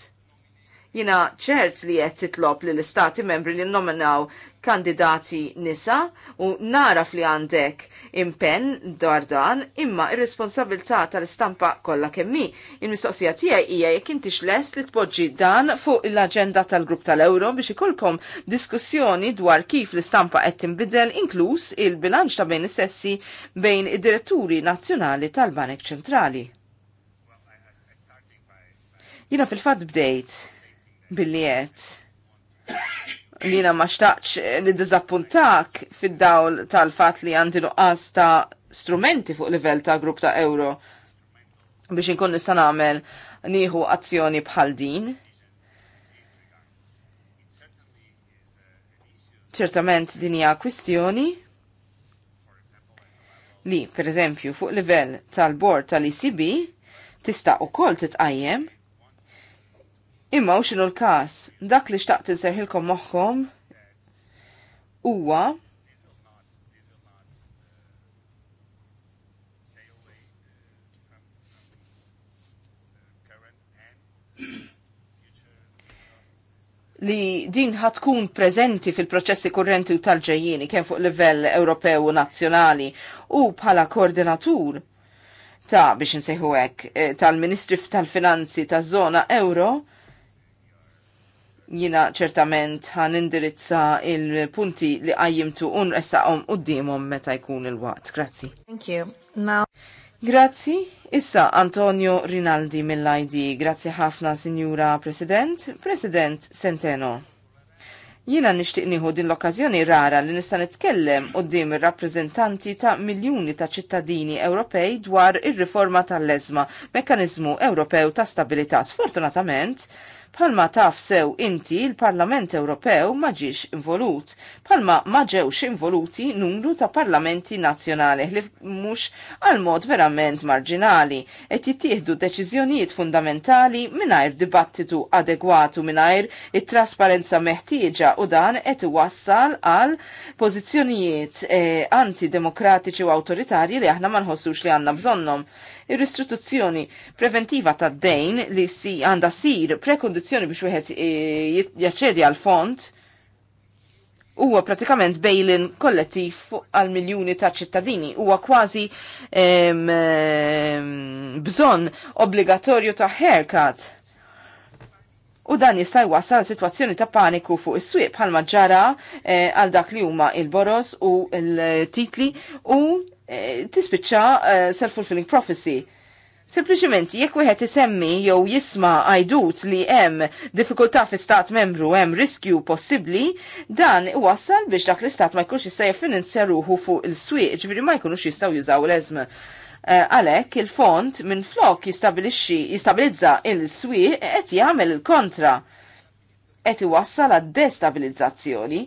Jina ċert li qed titlob li l-istati membri li nominaw kandidati nisa u naraf li għandek impenn dwar dan imma ir-responsabilità tal-istampa kollha kemm hi. Il-mistoqsija tiegħi hija jekk intix lest li tpoġġi dan fuq l-aġenda tal-Grupp tal-Ewro biex ikolkom diskussjoni dwar kif l-istampa qed tinbidel inkluż il-bilanċ ta' bejn is-sessi bejn id-diretturi nazzjonali tal-Banek Ċentrali jina fil-fat bdejt biljet. Lina ma xtaqx li dizappuntak fid-dawl tal-fat li għandi nuqqas ta' strumenti fuq livell ta' grupp ta' euro biex inkun nista' nagħmel nieħu azzjoni bħal din. Ċertament din hija kwistjoni li, per eżempju, fuq livell tal-bord tal-ECB tista' ukoll titqajjem Imma u xinu l-kas, dak li xtaqt nserħilkom moħħom huwa li din ħatkun prezenti fil-proċessi kurrenti u tal-ġejjini kien fuq livell Ewropew u nazzjonali u bħala koordinatur ta' biex nsejħu hekk eh, tal-Ministri tal-Finanzi taż-żona Euro jina ċertament ħan indirizza il-punti li għajjimtu un għom u d-dimom meta jkun il-waqt. Grazzi. Thank you. Now... Grazzi. Issa Antonio Rinaldi mill-ID. Grazzi ħafna, Signora President. President Centeno. Jina nishtiq nieħu din l-okkażjoni rara li nista' nitkellem quddiem ir-rappreżentanti ta' miljuni ta' ċittadini Ewropej dwar ir-riforma tal-leżma, Mekkaniżmu Ewropew ta' Stabilità. Sfortunatament, Palma taf sew inti il-Parlament Ewropew ma ġiex involut, palma ma ġewx involuti numru ta' parlamenti nazzjonali li mhux għal mod verament marġinali qed jittieħdu deċiżjonijiet fundamentali mingħajr dibattitu adegwatu mingħajr it-trasparenza meħtieġa u dan qed iwassal għal pożizzjonijiet eh, antidemokratiċi u awtoritarji li aħna ma nħossux li għandna bżonnhom. Ir-ristruzzjoni preventiva ta' dejn li si għanda sir prekondizzjoni biex wieħed e, jaċċedi għal font huwa pratikament bejlin kollettiv għal miljuni ta' ċittadini. Huwa kważi bżonn obbligatorju ta' haircut. U dan jista' jwassal situazzjoni ta' paniku fuq is-swieq bħalma ġara eh, għal dak li huma il-boros u l-titli u Eh, tispiċċa eh, self-fulfilling prophecy. Sempliċiment, jekk wieħed isemmi jew jisma' għajdut li hemm diffikultà fi stat membru hemm riskju possibbli, dan iwassal biex dak l-istat ma jkunx jista' jiffinanzja ruħu fuq il-swieq, ġifieri ma jkunux jistgħu jużaw l-eżm. Eh, għalhekk uh, il-fond minn flok jistabilixxi jistabilizza il-swieq qed jagħmel il-kontra qed iwassal għad destabilizzazzjoni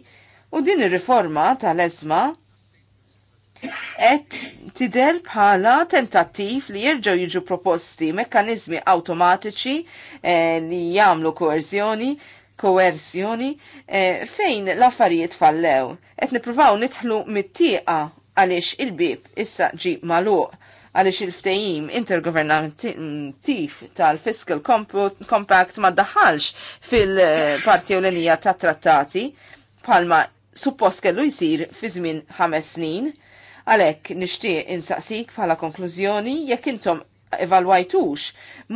u din ir-riforma tal-eżma qed tidher bħala tentattiv li jerġgħu jiġu proposti mekkaniżmi awtomatiċi eh, li jagħmlu koerzjoni koerzjoni eh, fejn l-affarijiet fallew. Qed nippruvaw nidħlu mit-tieqa għaliex il-bib issa ġi magħluq għaliex il-ftejim intergovernativ tal-Fiscal Compact ma daħalx fil-parti ewlenija ta' trattati palma suppost kellu jisir fi żmien ħames snin Għalhekk nixtieq insaqsik bħala konklużjoni jekk intom evalwajtux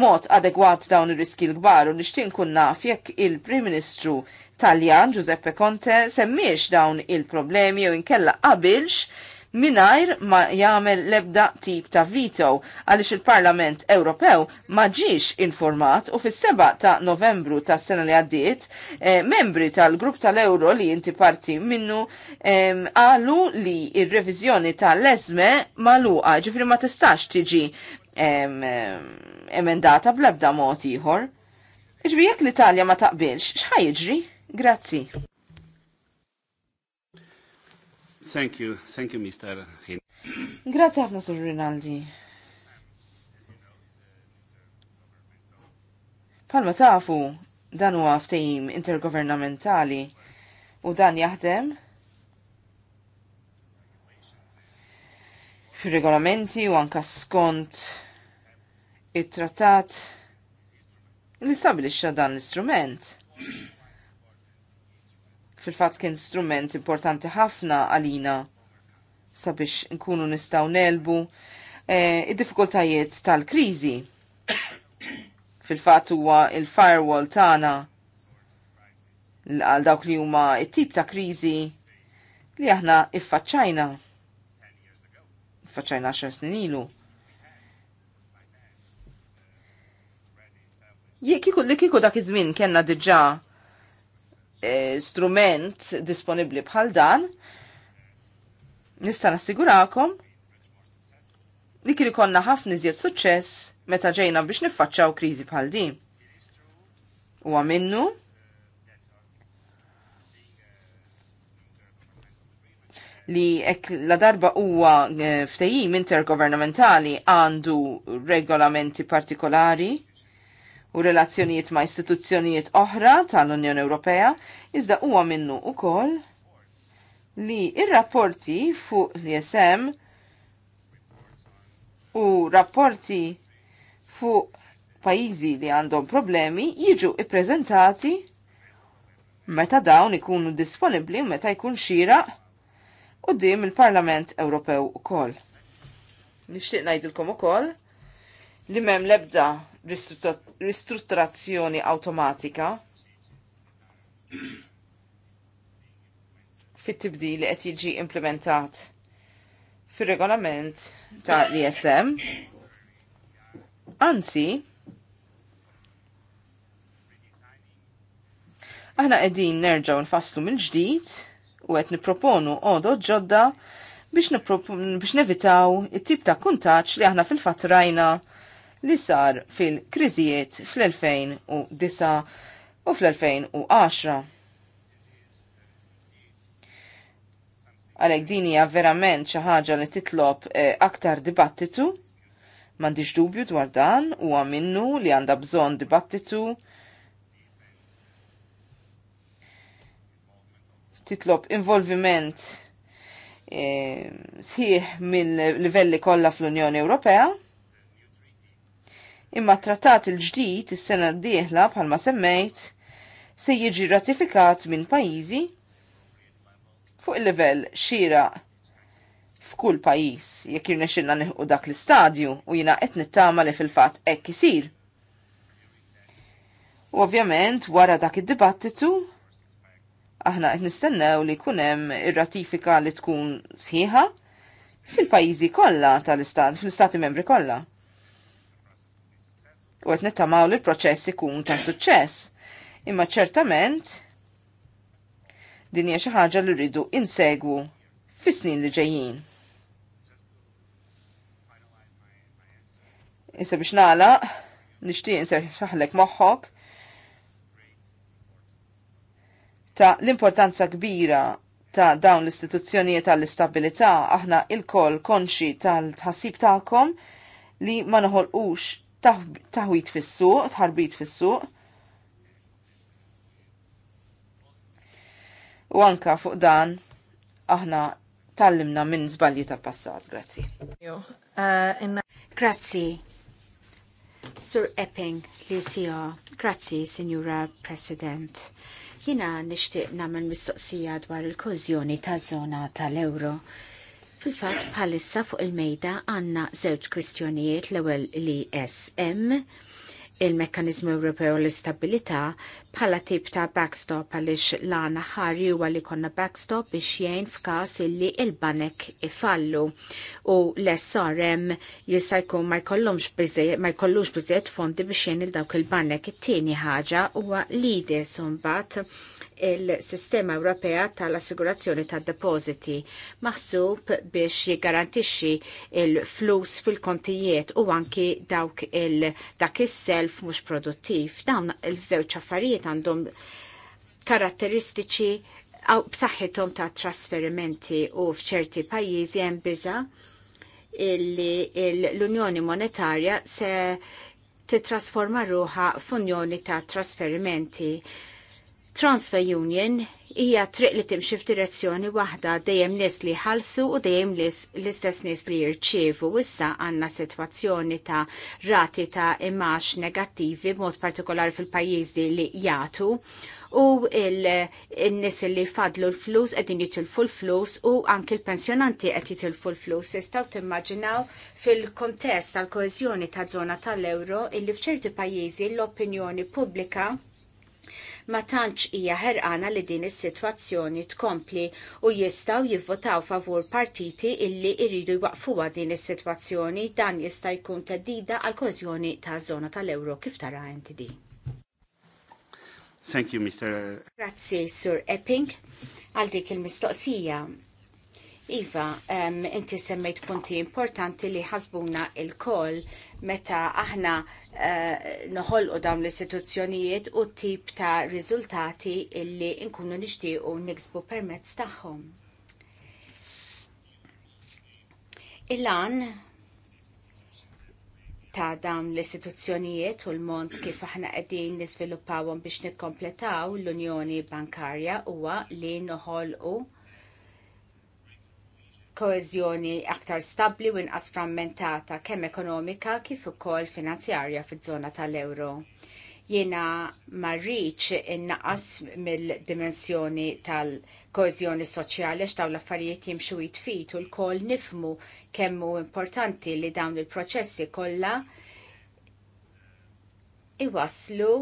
mod adegwat dawn ir-riski l-kbar u nixtieq nkun naf jekk il-Prim Ministru Taljan Giuseppe Conte semmiex dawn il-problemi u inkella qabilx minajr ma jagħmel lebda tip ta' vito għaliex il-Parlament Ewropew ma ġiex informat u fis-7 ta' Novembru ta' sena li għaddiet eh, membri tal-grupp tal-Euro li inti parti minnu għalu li ir-reviżjoni tal-lesme maluqa ġifri ma tistax tiġi emendata blebda mod ieħor. Iġbi jekk l-Italja ma taqbilx, x'ħajġri? Grazzi. Thank you, thank you, Mr. Hin. Grazie ħafna, Sur Rinaldi. Palma tafu, dan huwa ftehim intergovernamentali u dan jaħdem fir-regolamenti u anka skont it-trattat li stabilixxa dan l-istrument fil-fatt kien strument importanti ħafna għalina sabiex nkunu nistaw nelbu eh, id-diffikultajiet tal-kriżi. fil-fatt huwa il-firewall tagħna għal dawk li huma it-tip ta' kriżi li aħna iffaċċajna. Iffaċċajna 10 snin ilu. Kiku, li kiku dak iż-żmien kellna diġà E, strument disponibli bħal dan, nista' nassigurakom li kien ikollna ħafna iżjed suċċess meta ġejna biex niffaċċaw kriżi bħal din. Huwa minnu li ek la darba huwa e, ftehim intergovernamentali għandu regolamenti partikolari u relazzjonijiet ma' istituzzjonijiet oħra tal-Unjoni Ewropea, iżda huwa minnu ukoll li ir-rapporti fuq l-ISM u rapporti fuq pajjiżi li għandhom problemi jiġu ippreżentati meta dawn ikunu disponibbli meta jkun xira u dim il-Parlament Ewropew u koll. Nishtiq najdilkom u koll li mem lebda ristrutturazzjoni awtomatika fit-tibdil li qed jiġi implementat fir-regolament ta' ism Anzi, aħna qegħdin nerġgħu nfasslu mill-ġdid u qed nipproponu għodod ġodda biex, biex nevitaw it-tip ta' kuntaċ li aħna fil-fatt rajna li sar fil-kriżijiet fl-2009 u fl-2010. Għalek din hija verament xi ħaġa li titlob eh, aktar dibattitu, m'għandix dubju dwar dan huwa minnu li għandha bżonn dibattitu titlob involviment eh, sħiħ mill-livelli kollha fl-Unjoni Ewropea imma trattat il-ġdid is-sena d-dieħla bħalma semmejt se jiġi ratifikat minn pajjiżi fuq il-livell xira f'kull pajjiż jekk xirna neħu dak l-istadju u jiena qed nittama li fil-fatt hekk isir. U ovvjament wara dak id-dibattitu aħna qed nistennew li jkun hemm ir-ratifika li tkun sħiħa fil-pajjiżi kollha tal-istat, fil-istati membri kollha u għet nittamaw li l-proċess ikun ta' suċċess. Imma ċertament din hija xi ħaġa li rridu insegwu fis-snin li ġejjin. Issa biex nagħlaq, nixtieq nser xaħlek moħħok ta' l-importanza kbira ta' dawn l-istituzzjonijiet tal-istabilità aħna il-koll konxi tal-tħassib ta'kom li ma noħolqux taħwit fis-suq, tħarbit fis-suq. U anka fuq dan aħna tallimna minn żbalji tal-passat, grazzi. Grazzi. Sur Epping, li sija. Grazzi, Signora President. Jina nishtiq namen mistoqsija dwar il-kozjoni tal zona tal-euro. Fil-fatt bħalissa fuq il-mejda għanna żewġ kwistjonijiet l-ewwel li SM il-Mekkanizmu Ewropew l-Istabilità bħala tip ta' backstop għaliex l ħarju għalli li konna backstop biex jgħin f'każ illi il-banek ifallu u l-SRM jista' jkun ma jkollux biżejjed fondi biex jgħin il dawk il-banek. It-tieni ħaġa huwa l-IDES sumbat il-Sistema Ewropea tal-Assigurazzjoni tad-Depositi maħsub biex jiggarantixxi il-flus fil-kontijiet u anki dawk il dak is-self mhux produttiv. Dawn il-żewġ affarijiet affarijiet għandhom karatteristiċi għaw b'saħħithom ta' trasferimenti u f'ċerti pajjiżi hemm biża illi l-Unjoni Monetarja se titrasforma ruħa f'unjoni ta' trasferimenti Transfer Union hija triq li timxi f'direzzjoni waħda dejjem nies li ħalsu u dejjem l-istess nies li jirċievu. Issa għandna sitwazzjoni ta' rati ta' imax negattivi b'mod partikolari fil-pajjiżi li jagħtu u n-nies li fadlu l-flus qegħdin jitilfu l-flus u anki l-pensjonanti qed jitilfu l-flus. Istaw timmaġinaw fil-kontest tal-koeżjoni ta' żona tal-euro illi f'ċerti pajjiżi l-opinjoni pubblika ma tantx hija ħerqana li din is-sitwazzjoni tkompli u jistgħu jivvotaw favur partiti illi jridu jwaqfuha din is-sitwazzjoni dan jista' jkun teddida għal kożjoni taż-żona tal-Ewro kif tara inti Thank you, Mr. Grazzi, Sur Epping, għal dik il-mistoqsija. Iva, um, inti semmejt punti importanti li ħasbuna il-koll meta aħna eh, noħolqu dawn l-istituzzjonijiet u tip ta' riżultati illi nkunu nixtiequ niksbu permezz tagħhom. Ilan ta' dawn l-istituzzjonijiet u l-mont kif aħna qegħdin niżviluppawhom biex nikkompletaw l-Unjoni Bankarja huwa li noħolqu koeżjoni aktar stabbli u inqas frammentata kemm ekonomika kif ukoll finanzjarja fiż-żona tal-euro. Jiena marriċ innaqas mill-dimensjoni tal-koezjoni soċjali għax dawn l-affarijiet jimxu jitfit u l-kol nifmu kemm hu importanti li dawn il-proċessi kollha iwaslu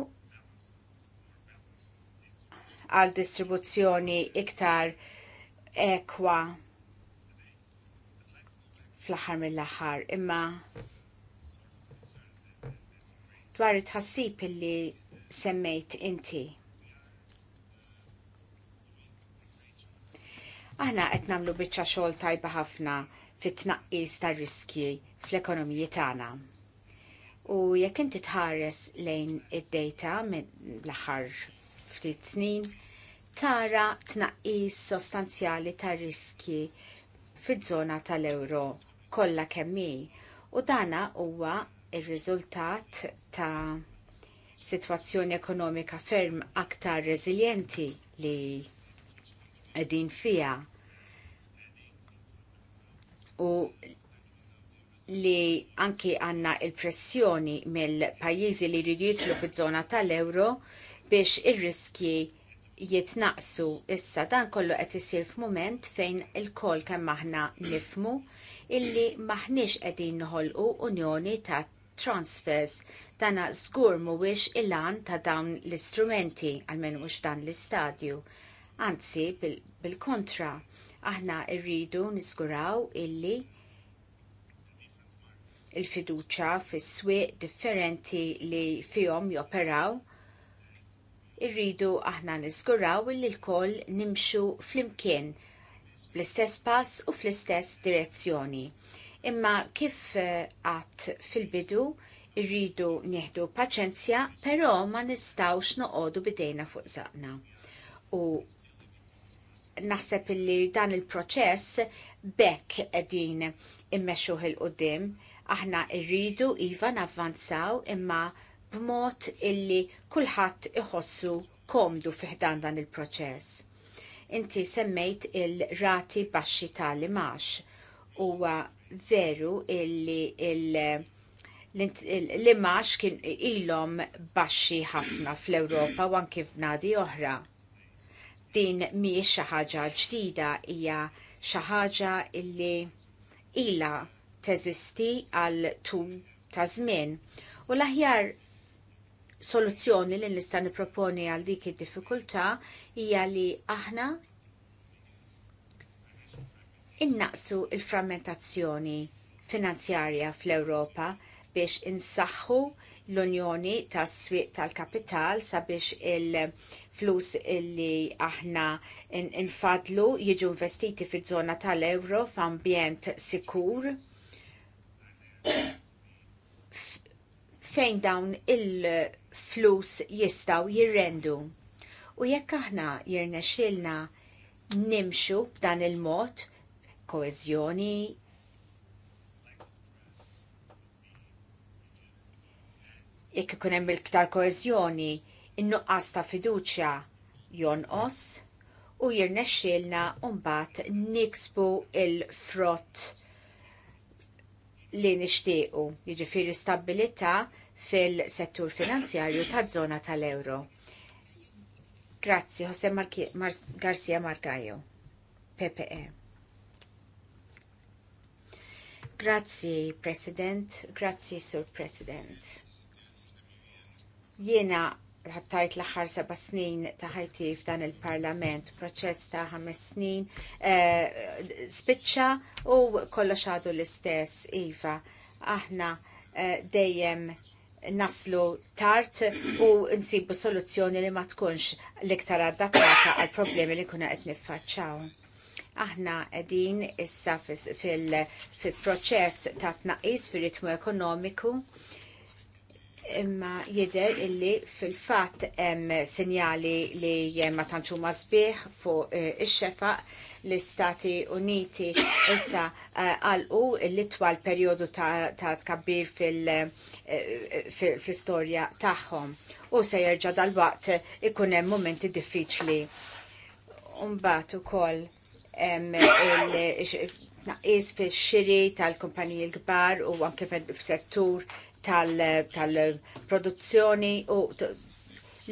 għal distribuzzjoni iktar ekwa fl-aħħar mill-aħħar. Imma dwar it-ħassib illi semmejt inti. Aħna qed nagħmlu biċċa xogħol tajba ħafna fit-tnaqqis tar-riskji fl-ekonomiji tagħna. U jekk inti tħares lejn id-data mill-aħħar ftit snin, tara tnaqqis sostanzjali tar-riskji fiż-żona tal-euro kollha kemm u dana huwa ir-riżultat ta' sitwazzjoni ekonomika ferm aktar reżiljenti li qegħdin fiha u li anki għanna il-pressjoni mill-pajjiżi li jridu jidħlu fiż-żona tal-euro biex ir-riski jitnaqsu. Issa dan kollu qed isir f'mument fejn il-kol kemm aħna nifmu illi maħniex qegħdin noħolqu unjoni ta' transfers dana żgur mhuwiex il-lan ta' dawn l-istrumenti għalmen mhux dan l-istadju. Anzi, bil-kontra, bil aħna rridu niżguraw illi il-fiduċa fis-swieq differenti li fihom joperaw irridu aħna nisguraw illi l-koll nimxu flimkien fl-istess pass u fl-istess direzzjoni. Imma kif eh, għat fil-bidu, irridu nieħdu paċenzja, però ma nistawx noqogħdu bidejna fuq zaqna. U naħseb illi dan il-proċess bekk qegħdin immexuħ il-qudiem, aħna rridu iva navvanzaw imma b'mod illi kulħadd iħossu komdu fiħdan dan il-proċess. Inti semmejt il-rati baxxi tal-imax. Huwa veru illi l-imax kien ilhom baxxi ħafna fl-Ewropa u anki f'nadi oħra. Din miex xi ħaġa ġdida hija xi ħaġa illi ila teżisti għal tul ta' żmien. U l-aħjar soluzzjoni li nista' nipproponi għal dik id-diffikultà hija li aħna innaqsu il-frammentazzjoni finanzjarja fl-Ewropa biex insaħħu l-Unjoni tas swieq tal-Kapital sabiex il-flus li aħna infadlu jiġu investiti fiż-żona tal-Ewro f'ambjent sikur. fejn dawn il- flus jistaw jirrendu. U jekk aħna jirnexilna nimxu b'dan il-mod, koezjoni, jekk ikun hemm il-ktar koeżjoni, in-nuqqas ta' fiduċja jonqos u jirnexxielna mbagħad niksbu il-frott li nixtiequ. Jiġifieri stabbilità fil-settur finanzjarju taż-żona tal-euro. Grazzi, Jose Mar Garcia Margajo, PPE. Grazzi, President. Grazzi, Sur President. Jiena ħattajt l ħar seba snin ta' ħajti f'dan il-parlament, proċess ta' ħames snin, eh, spiċċa u kollox għadu l-istess, Iva. Aħna eh, dejjem naslu tard u nsibu soluzzjoni li ma tkunx l-iktar adattata għal problemi li kuna qed niffaċċaw aħna edin issa fil-proċess ta' tnaqis fil-ritmu ekonomiku imma jider illi fil-fat hemm sinjali li ma tantxu mażbieħ fuq eh, ix-xefa l-Istati Uniti issa eh, għalqu l-itwal periodu ta' tkabbir fil- Eh, eh, fl-istorja tagħhom. U se jerġa' dal-waqt ikun hemm momenti diffiċli. Umbagħad ukoll il-naqis fix-xiri tal-kumpaniji l-kbar u anke fis-settur tal-produzzjoni u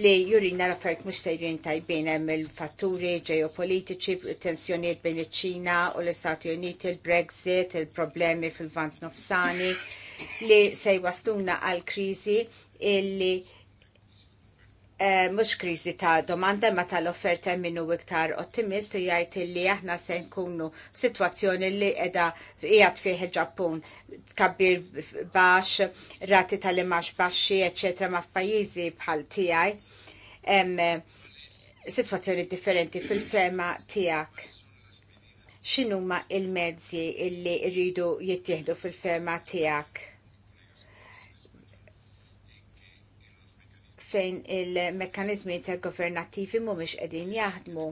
li jurina l-affarijiet mhux sejrin tajbin hemm il-fatturi ġeopolitiċi, tensjonijiet bejn iċ-Ċina u l-Istati Uniti, il-Brexit, il-problemi fil-vant nofsani li se jwasluna għal kriżi illi Eh, mux krizi ta' domanda ma tal-offerta minnu iktar ottimist u jgħajt li aħna se nkunu situazzjoni li edha jgħat fiħ il-ġappun kabbir bax, rati tal-imax baxxi, eċetera ma' f'pajizi bħal tijaj. Situazzjoni differenti fil-fema tijak xinuma il-mezzi illi rridu jittieħdu fil-ferma tijak? fejn il-mekkanizmi intergovernattivi mhumiex qegħdin jaħdmu.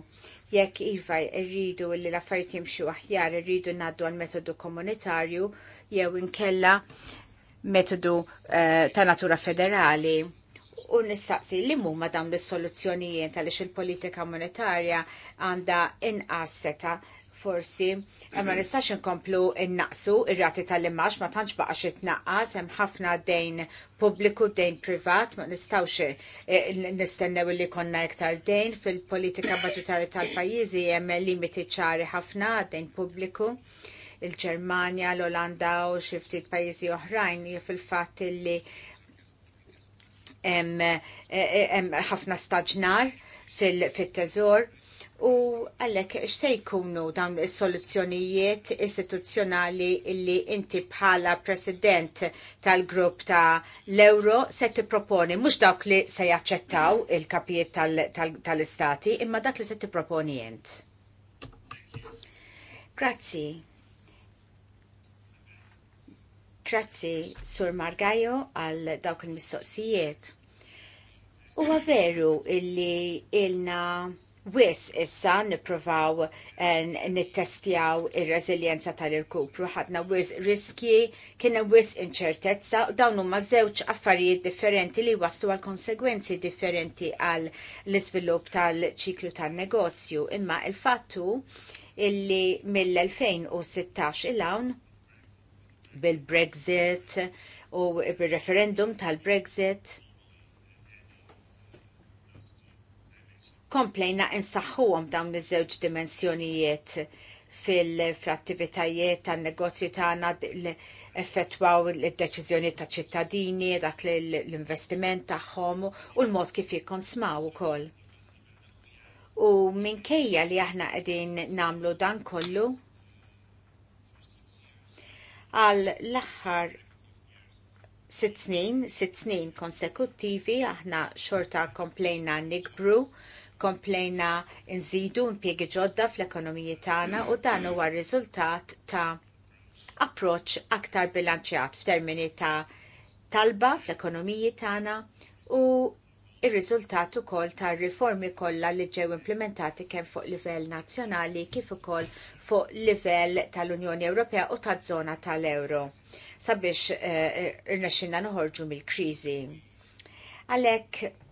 Jekk iva rridu li l-affarijiet jimxu aħjar irridu ngħaddu għal metodu komunitarju jew inkella metodu uh, ta' natura federali. U nistaqsi li huma dawn is-soluzzjonijiet għaliex il-politika monetarja għandha inqas seta' forsi eh, ma nistax inkomplu innaqsu ir-rati tal-imax ma tantx baqa xi tnaqqas hemm ħafna dejn pubbliku dejn privat ma nistgħux eh, nistennew li konna iktar dejn fil-politika budgetarja tal-pajjiżi hemm limiti ċari ħafna dejn pubbliku il-Ġermanja, l-Olanda u xi ftit pajjiżi oħrajn fil-fatt li eh, hemm ħafna staġnar fit teżor fil, teżor U għallek, x'se jkunu dawn is-soluzzjonijiet istituzzjonali illi inti bħala president tal-grupp ta' l-Euro se tipproponi mhux dawk li se jaċċettaw il-kapijiet tal-istati, imma dak li se tipproponi jent. Grazzi. Grazzi, Sur Margajo, għal dawk il-mistoqsijiet. Huwa veru illi ilna wis issa niprovaw eh, nittestjaw ir-reżiljenza tal-irkupru, ħadna wis riskji, kiena wis inċertezza, u dawn huma żewġ affarijiet differenti li waslu għal konsegwenzi differenti għal l-iżvilupp tal-ċiklu tan-negozju, imma il-fattu illi mill-2016 il-hawn bil-Brexit u bil-referendum tal-Brexit komplejna insaħħuhom dawn iż-żewġ dimensjonijiet fil-attivitajiet tan negozju tagħna effettwaw id-deċiżjoni ta' ċittadini, dak l-investiment tagħhom u l-mod kif jikkonsmaw ukoll. U minkejja li aħna qegħdin nagħmlu dan kollu għal l-aħħar sitt snin, sitt snin konsekuttivi aħna xorta komplejna nikbru komplejna nżidu impjiegi ġodda fl-ekonomiji tagħna u dan huwa r-riżultat ta' approċċ aktar bilanċjat f'termini ta' talba fl-ekonomiji tagħna u Ir-riżultat ukoll tar riformi kollha li ġew implementati kemm fuq livell nazzjonali kif ukoll fuq livell tal-Unjoni Ewropea u taż-żona tal ewro sabiex irnexxinna eh, eh, noħorġu mill-kriżi. Għalhekk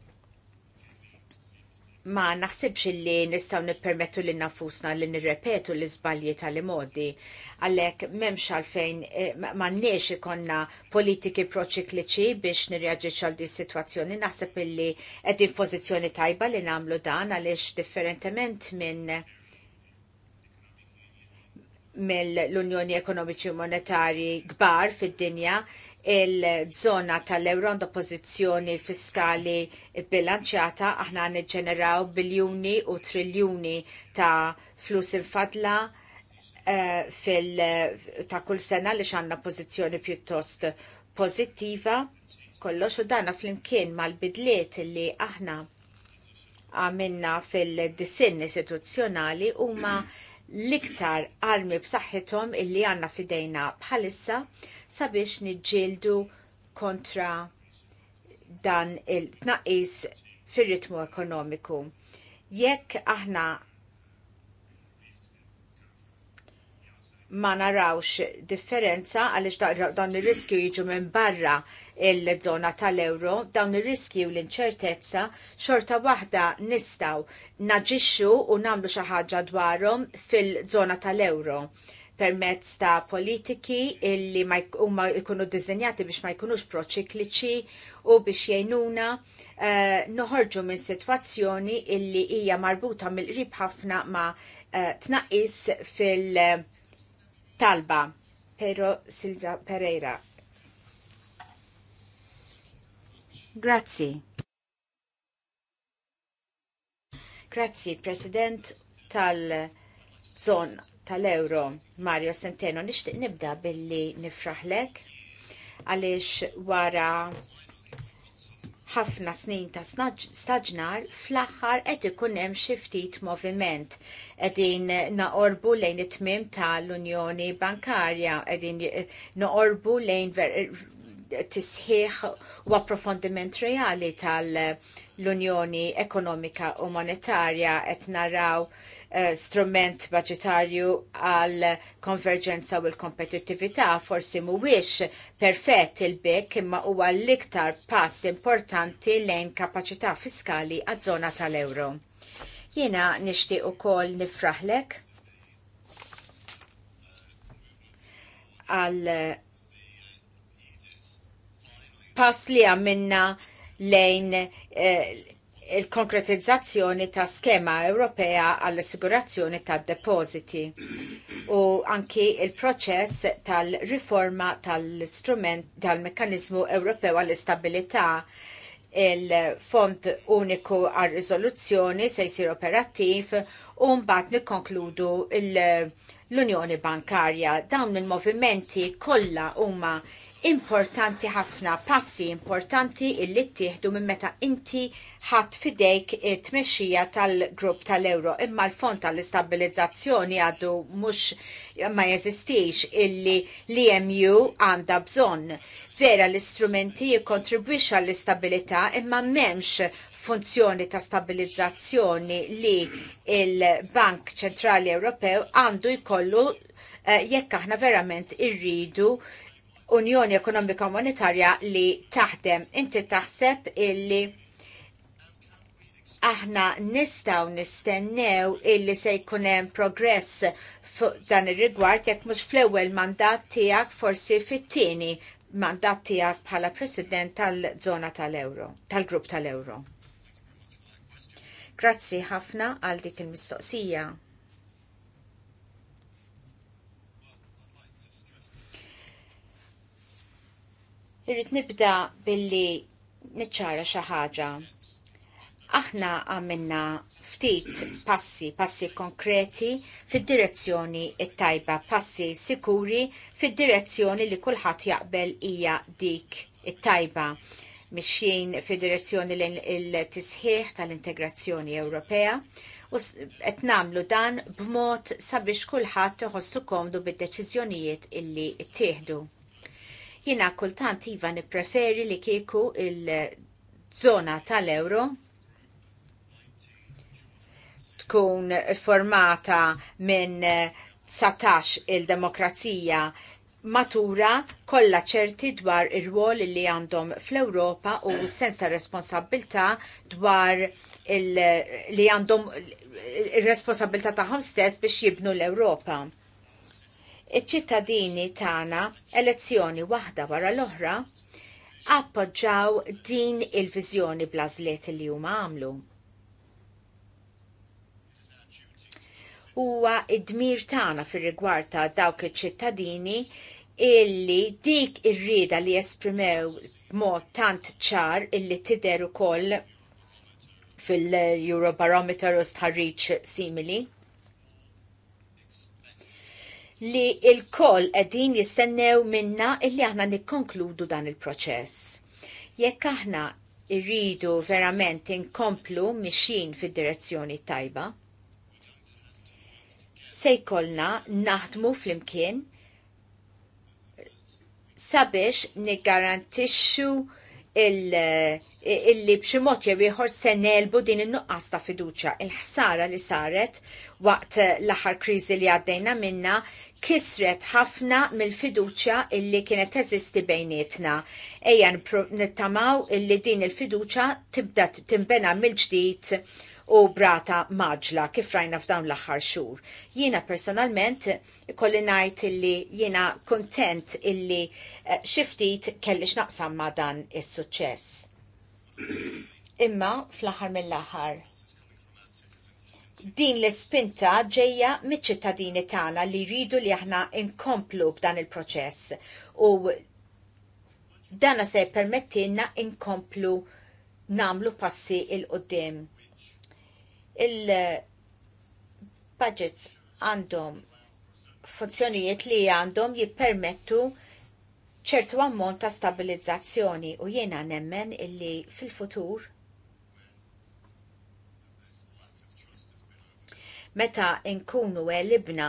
ma naħsibx li nistaw nippermettu li nafusna li nirrepetu l iżbalji tal-modi. Għalek, memx għalfejn eh, ma nnex ikonna politiki proċikliċi biex nirreagġiċ għal di situazzjoni. Naħseb li għedin pozizjoni tajba li namlu dan għalix differentement minn mill-Unjoni Ekonomiċi Monetari gbar fid-dinja il-żona tal-Euronda pożizzjoni fiskali bilanċjata aħna niġġeneraw biljuni u triljuni ta' flus il-fadla eh, fil ta' kull sena li xanna pożizzjoni pjuttost pożittiva kollox u dana fl-imkien mal-bidliet li aħna għamilna fil-disin istituzzjonali huma ma' l-iktar armi b'saħħithom illi għandna fidejna bħalissa sabiex niġġieldu kontra dan il-tnaqis fir-ritmu ekonomiku. Jekk aħna ma narawx differenza għaliex dawn il riskju jiġu minn barra il-żona tal-euro, dawn ir riskju u l-inċertezza xorta waħda nistaw naġixxu u nagħmlu xi ħaġa dwarhom fil-żona tal-euro permezz ta' politiki illi ma huma jkunu dizzenjati biex ma jkunux proċikliċi u biex jgħinuna uh, noħorġu minn sitwazzjoni illi hija marbuta mill-qrib ħafna ma' uh, tnaqqis fil- uh, talba, pero Silvia Pereira. Grazzi. Grazzi, President tal-Zon tal-Euro, Mario Centeno. Nishtiq nibda billi nifraħlek għalix wara ħafna snin ta' staġnar fl-aħħar qed ikun hemm xi ftit moviment qegħdin naqorbu lejn it-tmiem tal-Unjoni Bankarja, qegħdin noqorbu lejn tisħiħ u approfondiment reali tal-Unjoni Ekonomika u Monetarja qed naraw eh, strument budgetarju għal konverġenza u l-kompetittività forsi mhuwiex perfett il-bek imma huwa l-iktar pass importanti lejn kapaċità fiskali għaż-żona tal-euro. Jiena nixtieq ukoll nifraħlek għal pass li għamilna lejn eh, il-konkretizzazzjoni ta' skema Ewropea għall-assigurazzjoni ta' depositi u anki il-proċess tal-riforma tal-istrument tal mekanizmu Ewropew għall-istabilità il-Fond Uniku għal-Rizoluzzjoni se jsir operattiv u mbagħad nikkonkludu il- l-Unjoni Bankarja. Dawn il-movimenti kollha huma importanti ħafna, passi importanti illi ttieħdu minn meta inti ħadd fidejk it-tmexxija tal-grupp tal ewro Imma l-fond tal-istabilizzazzjoni għadu mhux ma jeżistix illi l-EMU għandha bżonn. Vera l-istrumenti jikkontribwix għall-istabilità imma m'hemmx funzjoni ta' stabilizzazzjoni li il-Bank Ċentrali Ewropew għandu jkollu eh, jekk aħna verament irridu Unjoni Ekonomika Monetarja li taħdem. Inti taħseb illi aħna nistaw nistennew illi se jkunem progress dan ir-rigward jekk mhux fl-ewwel mandat tiegħek forsi fit-tieni mandat tiegħek bħala President tal-żona tal-Euro, tal-Grupp tal-Euro. Grazzi ħafna għal dik il-mistoqsija. Irrid nibda billi niċċara xi ħaġa. Aħna għamilna ftit passi, passi konkreti fid-direzzjoni it-tajba, passi sikuri fid-direzzjoni li kulħadd jaqbel hija dik it-tajba mixjien fi direzzjoni l tisħiħ tal-integrazzjoni Ewropea u qed nagħmlu dan b'mod sabiex kulħadd iħossu komdu bid-deċiżjonijiet illi ttieħdu. Jiena kultant iva nippreferi li kieku il-żona tal-euro tkun formata minn satax il-demokrazija matura kollha ċerti dwar ir-rwol li għandhom fl-Ewropa u s-sens ta' responsabilità dwar li għandhom ir-responsabilità tagħhom stess biex jibnu l-Ewropa. Iċ-ċittadini tagħna elezzjoni waħda wara l-oħra appoġġaw din il-viżjoni żliet li huma għamlu. huwa id-dmir tagħna fir-rigward ta' dawk iċ-ċittadini illi dik ir li esprimew mod tant ċar illi tider ukoll fil-Eurobarometer u stħarriċ simili li il-koll edin jistennew minna illi aħna nikkonkludu dan il-proċess. Jekk aħna irridu verament inkomplu mixin fid-direzzjoni tajba, se jkollna naħdmu fl-imkien sabiex niggarantixxu illi b'xi mod jew ieħor se nelbu din in-nuqqas ta' fiduċja. Il-ħsara li saret waqt l-aħħar kriżi li għaddejna minna kisret ħafna mill-fiduċja illi kienet teżisti bejnietna. Ejja nittamaw illi din il-fiduċja tibda timbena mill-ġdid u brata maġla kif rajna f'dawn l-aħħar xhur. Jiena personalment kolli ngħid illi jiena kontent illi eh, xiftit kellix naqsam ma' dan is-suċċess. Imma fl-aħħar mill-aħħar din l-spinta ġejja miċ-ċittadini tagħna li jridu li aħna inkomplu b'dan il-proċess u dana se permettilna inkomplu namlu passi il qoddim il-budgets għandhom funzjonijiet li għandhom jippermettu ċertu ammont ta' stabilizzazzjoni u jiena nemmen illi fil-futur meta nkunu elibna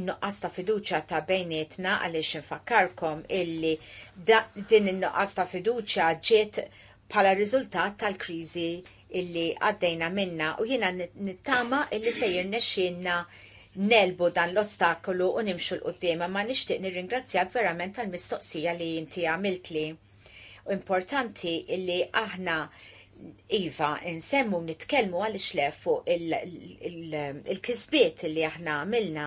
in-nuqqas ta' fiduċa ta' bejnietna għaliex infakkarkom illi din in-nuqqas ta' fiduċa ġiet bħala riżultat tal-kriżi illi għaddejna minna u jiena nittama illi sejjer nesċinna nelbu dan l-ostakolu u nimxu l qoddima ma nixtieq nirringrazzjak verament tal-mistoqsija li inti għamiltli. U importanti illi aħna Iva, nsemmu nitkellmu għal xlef fuq il-kisbiet illi aħna għamilna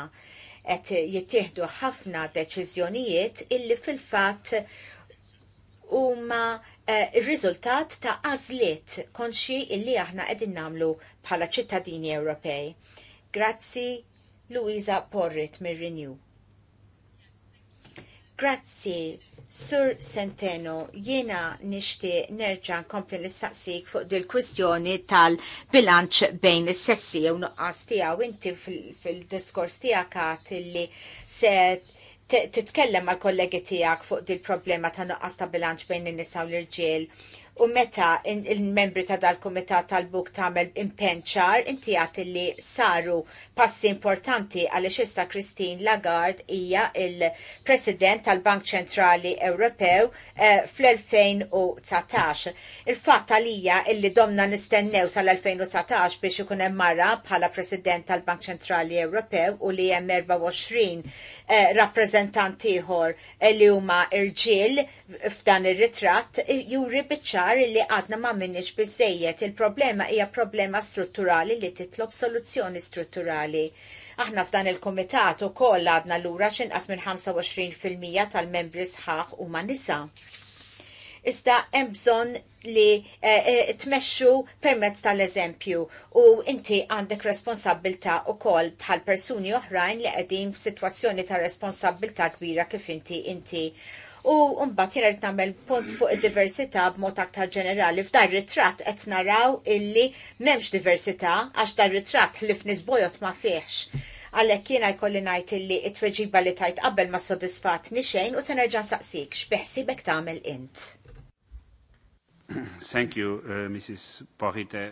qed jittieħdu ħafna deċiżjonijiet illi fil-fatt huma eh, r riżultat ta' għażliet konxi illi aħna qegħdin nagħmlu bħala ċittadini Ewropej. Grazzi Luisa Porrit mir-Renew. Grazzi, Sur Centeno, jiena nishti nerġa nkompli nistaqsik fuq dil-kwistjoni tal-bilanċ bejn is-sessi u nuqqas tiegħu inti fil-diskors tiegħek għat li se titkellem mal kollegi tiegħek fuq dil problema ta' nuqqas ta' bilanċ bejn in-nisa u l-irġiel u meta il-membri ta' dal-Kumitat tal-Buk tagħmel impenċar inti għat li saru passi importanti għaliex issa Christine Lagarde hija il-President tal-Bank Ċentrali Ewropew eh, fl-2019. Il-fatt għalija illi domna nistennew sal-2019 biex ikun hemm marra bħala President tal-Bank Ċentrali Ewropew u li hemm 24 eh, ieħor eh, li huma irġiel f'dan ir-ritratt eh, juri biċċa ċar li għadna ma minnix bizzejiet il-problema hija problema strutturali li titlob soluzzjoni strutturali. Aħna f'dan il-komitat u koll għadna l-ura xinqas minn 25% tal-membri sħaħ u ma nisa iżda hemm bżonn li eh, eh, tmexxu permezz tal-eżempju u inti għandek responsabilta wkoll bħal persuni oħrajn li qegħdin f'sitwazzjoni ta' responsabilta kbira kif inti inti u mbagħad jara tagħmel punt fuq id-diversità b'mod aktar ġenerali. F'dar ritratt qed naraw illi m'hemmx diversità għax dar ritratt li f'nisbojot ma fihx. Għalhekk jiena jkolli ngħid illi t-tweġiba li tajt qabel ma soddisfatni xejn u se nerġa' saqsik x'beħsibek tagħmel int. Thank you, uh, Mrs. Pohite,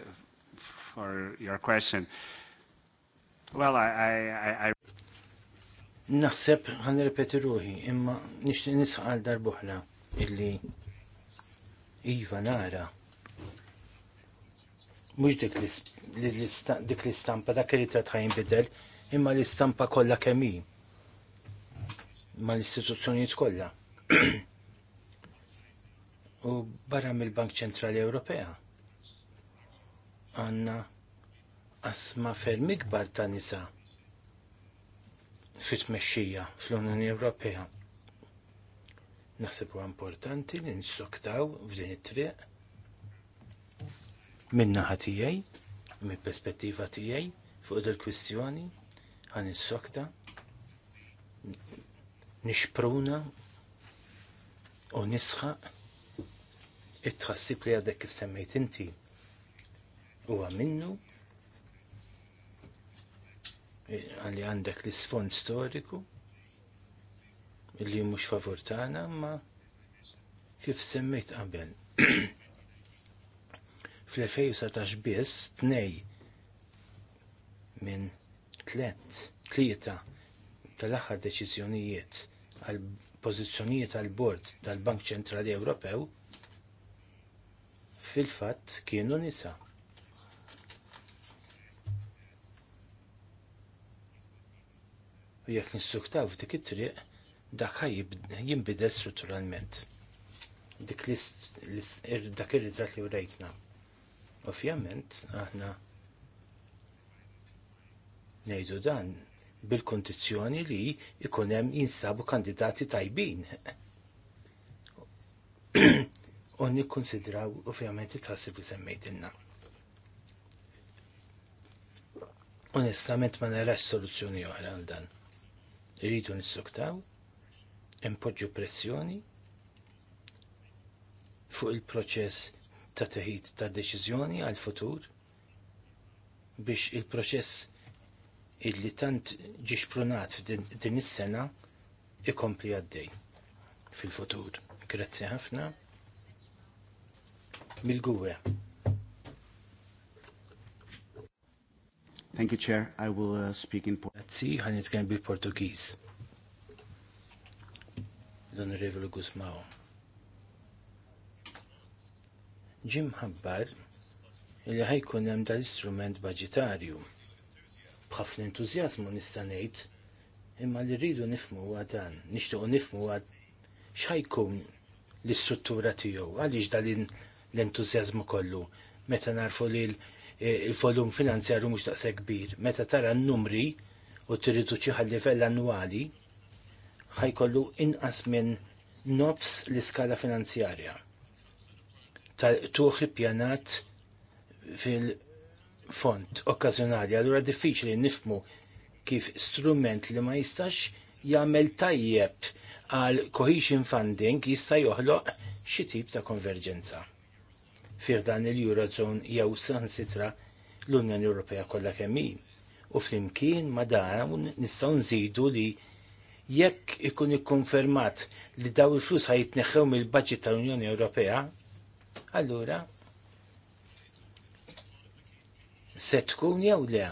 for your question. Well, I, I, I... Naħseb għan ripeti ruħi, imma nishti nisħal darbuħla illi Iva nara. Mux dik l-istampa, dak li tratħajn bidel, imma l-istampa kolla kemmi. Ma l-istituzzjonijiet kolla. U barra mill-Bank Ċentrali Ewropea għanna asma ferm ikbar ta' nisa' fit-tmexxija fl-Unjoni Ewropea. Naħseb huwa importanti li nissoktaw f'din it-triq min-naħa tiegħi, mill-perspettiva tiegħi fuq il kwistjoni ħan nissokta nixpruna u nisħaq it-tħassib li għadek kif semmejt inti u minnu għalli għandek l-isfond storiku li mhux favur tagħna ma kif semmejt qabel. Fl-2017 biss tnej minn tlet tlieta tal-aħħar deċiżjonijiet għal pożizzjonijiet għal bord tal-Bank Ċentrali Ewropew fil-fatt kienu nisa' u jekk nistruktaw f'dik it-triq dak jinbidel strutturalment. Dik dak ir-ritrat li rejtna. Ovvjament aħna ngħidu dan bil-kondizzjoni li jkun hemm jinsabu kandidati tajbin. U nikkonsidraw ovvjament it tasib li semmejtilna. Onestament ma narax soluzzjoni oħra għal dan Rridu nissuktaw, impoġġu pressjoni fuq il-proċess ta' teħid ta' deċiżjoni għal futur biex il-proċess illi tant ġiexprunat f'din is-sena ikompli għaddej fil-futur. Grazzi ħafna. Mil-gwe. Thank you, Chair. I will uh, speak in Portuguese. Grazzi, għan jitkellem bil-Portugiż. L-Onorevole Guzmao. Jim ħabbar li ħajkun hemm dal-istrument budgetarju. B'ħafna entużjażmu nista' ngħid, imma li rridu nifmu huwa dan, nixtiequ nifmu huwa x'ħajkun l-istruttura tiegħu, għaliex dalin l-entużjażmu kollu meta narfu li l- il-volum finanzjarju mhux daqshekk kbir. Meta tara n-numri u t-tridu xi livell annwali, ħajkollu inqas minn nofs l-iskala finanzjarja. Tuħ pjanat fil-font okkazjonali, allura diffiċli nifmu kif strument li ma jistax jagħmel tajjeb għal cohesion funding jista' joħloq xi tip ta' konverġenza fir dan il-Eurozone jew sansitra l-Unjoni Ewropea kollha kemm U flimkien ma dan nistgħu nżidu li jekk ikun ikkonfermat li daw il-flus ħajtneħħew mill-budget tal-Unjoni Ewropea, allura se tkun jew le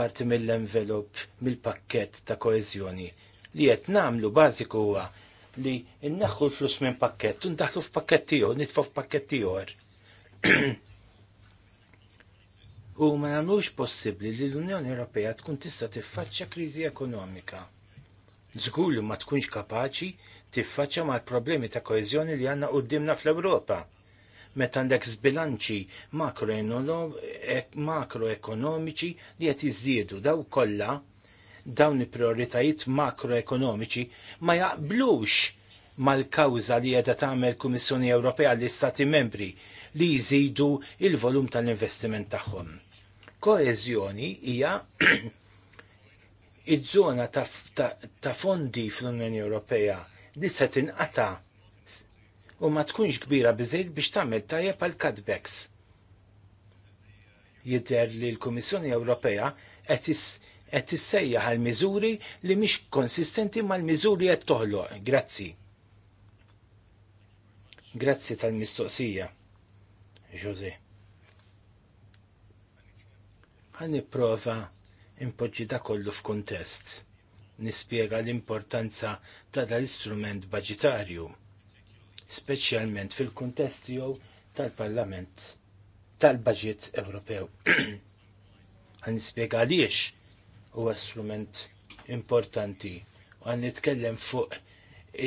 parti mill-envelop mill-pakket ta' koeżjoni li qed nagħmlu bażiku huwa li nneħħu l-flus minn pakkett u ndaħlu f'pakkett tiegħu, nitfgħu f'pakkett ieħor U ma nagħmlux possibbli li l-Unjoni Ewropea tkun tista' tiffaċċja kriżi ekonomika. Żgur li ma tkunx kapaċi tiffaċċja mal problemi ta' koeżjoni li għandna qudiemna fl-Ewropa. Meta għandek zbilanċi makroekonomiċi li qed jiżdiedu daw kollha dawn il-prioritajiet makroekonomiċi ma jaqblux mal kawża li qiegħda tagħmel Kummissjoni Ewropea l-Istati Membri li jżidu il-volum tal-investiment tagħhom. Koeżjoni hija iż-żona ta, ta, ta' fondi fl-Unjoni Ewropea li se tinqata u ma tkunx kbira biżejt biex tagħmel tajjeb għal cutbacks. Jidher li l-Kummissjoni Ewropea qed issejja għal miżuri li mhix konsistenti mal-miżuri qed toħloq. Grazzi. Grazzi tal-mistoqsija. Jose. Għan prova impoġġi da kollu f'kuntest. Nispjega l-importanza ta' dal-istrument budgetarju, speċjalment fil-kuntest jew tal-Parlament tal-Budget Ewropew. Għan nispjega għaliex huwa strument importanti u għan nitkellem fuq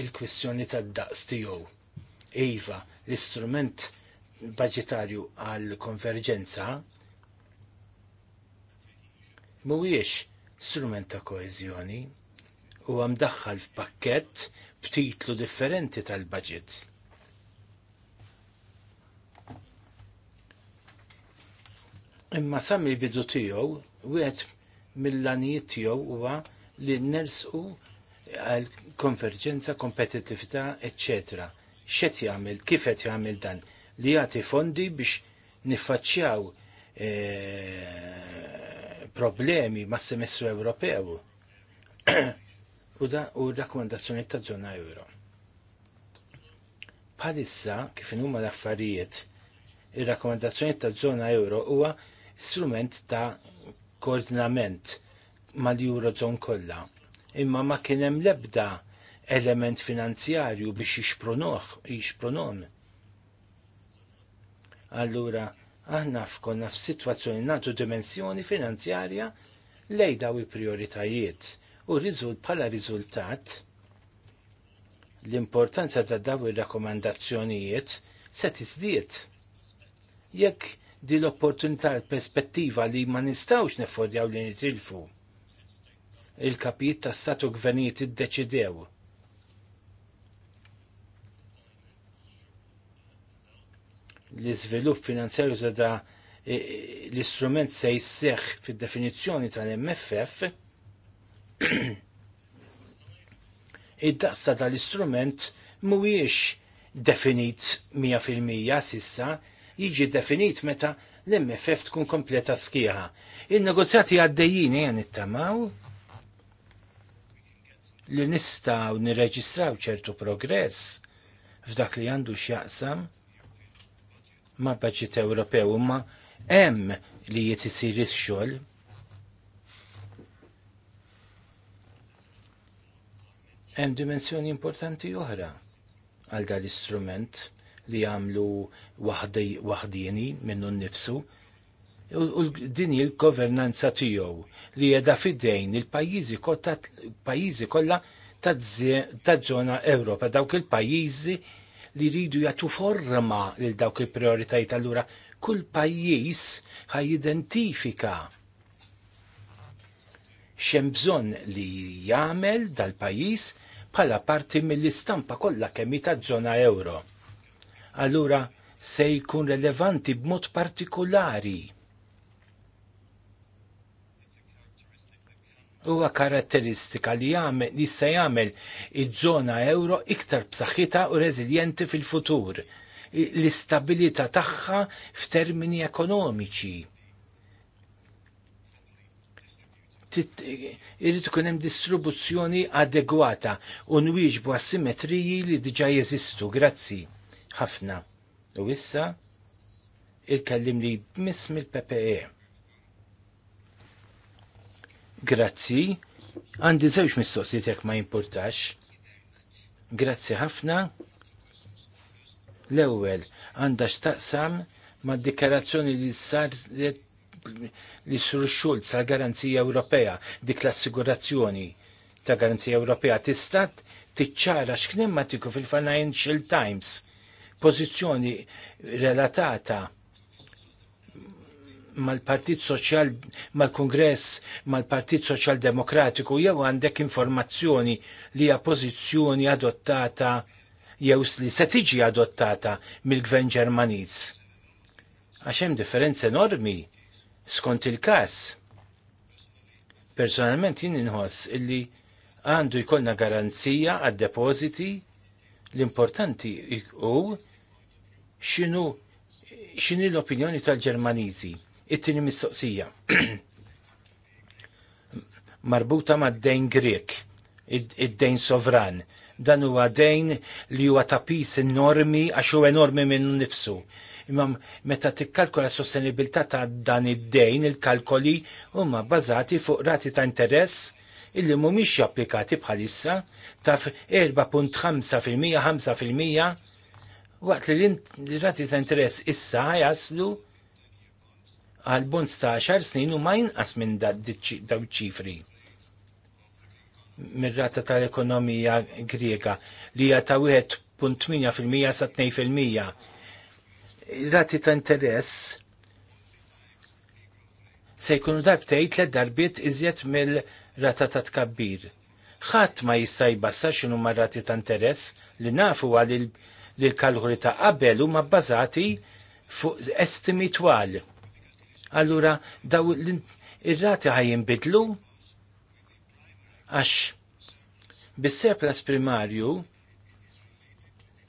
il-kwistjoni tad-daqs tiegħu. Iva, l-istrument budgetarju għal konverġenza mhuwiex strument ta' koeżjoni u mdaħħal f'pakkett b'titlu differenti tal-budget. Imma sammi bidu tiegħu wieħed mill-lanijiet tiegħu huwa li nersqu għal konverġenza, kompetittività eccetera. X'et jagħmel, kif qed jagħmel dan? li jagħti fondi biex niffaċċjaw e, problemi mas semestru Ewropew u da u rakkomandazzjoni ta' żona euro. Palissa kif huma l-affarijiet ir-rakkomandazzjoni ta' żona euro huwa strument ta' koordinament mal-Eurozone kollha. Imma ma kien hemm l-ebda element finanzjarju biex jixpronoħ, jixpronon. Allura, aħna fkonna f'sitwazzjoni nagħtu dimensjoni finanzjarja lej daw il-prioritajiet u rizult bħala riżultat l-importanza ta' daw ir-rakkomandazzjonijiet se tiżdied. Jekk di l-opportunità l-perspettiva li ma nistawx neffordjaw li nizilfu Il-kapijiet ta' statu gvernijiet iddeċidew l-iżvilupp finanzjarju ta' da e, l-istrument se jisseħ fid-definizzjoni tal-MFF id-daqs ta' dal-istrument mhuwiex definit 100% sissa, jiġi definit meta l-MFF tkun kompleta skija. Il-negozjati għaddejjini għan it-tamaw li nistaw nirreġistraw ċertu progress f'dak li għandu x'jaqsam ma' paċit Ewropew imma hemm li jiet isir ix-xogħol. Hemm dimensjoni importanti oħra għal dal istrument li għamlu waħdieni minnu nnifsu u din il-governanza tiegħu li qiegħda fidejn il-pajjiżi pajjiżi kollha taż-żona Ewropa dawk il-pajjiżi li jridu jagħtu forma lil dawk il-prioritajiet allura kull pajjiż ħaj identifika xem bżonn li jagħmel dal-pajjiż bħala parti mill-istampa kollha kemm ta' żona euro. Allura se jkun relevanti b'mod partikolari huwa karatteristika li jagħmel jista' jagħmel iż-żona euro iktar b'saħħitha u reżiljenti fil-futur l-istabilità tagħha f'termini ekonomiċi. Irrid ikun hemm distribuzzjoni adegwata u nwieġbu asimetriji li diġà jeżistu, grazzi ħafna. U issa il-kellim li miss mill-PPE. Grazzi, għandi żewġ mistoqsijiet jekk ma jimpurtax. Grazzi ħafna. L-ewwel għandha x'taqsam ma' dikarazzjoni li sar li sur Schulz sa' garanzija Ewropea, dik l-assigurazzjoni ta' garanzija Ewropea tistat tiċċara x'kien matiku fil-Financial Times pożizzjoni relatata mal-Partit Soċjal, mal-Kongress, mal-Partit Soċjal Demokratiku, jew għandek informazzjoni li hija pożizzjoni adottata jew li se tiġi adottata mill-Gvern Ġermaniż. Għax hemm differenza enormi skont il-każ. Personalment jien inħoss illi għandu jkollna garanzija għad-depożiti l-importanti hu x'inhu x'inhi l-opinjoni tal-Ġermaniżi It-tieni mistoqsija. Marbuta ma' dejn Grek, id-dejn sovran. Dan huwa dejn li huwa tapis enormi għax huwa enormi minnu nifsu. Imma meta tikkalkola s-sostenibilità ta' dan id-dejn, il-kalkoli huma bbażati fuq rati ta' interess illi mhumiex applikati bħalissa ta' 4.5% 5% waqt li l-rati ta' interess issa jaslu għal bond ta' snin u ma jinqas minn daw ċifri mir-rata tal-ekonomija Griega li hija ta' 1.8% sa 2%. Rati ta' interess se jkunu darbtejt l darbiet iżjed mill-rata ta' tkabbir. Ħadd ma jista' jbassa x'inhu rati ta' interess li nafu għal il-kalkuli ta' qabel huma bbażati fuq estimi twal allura daw ir-rati ħaj bidlu għax bis-seplas primarju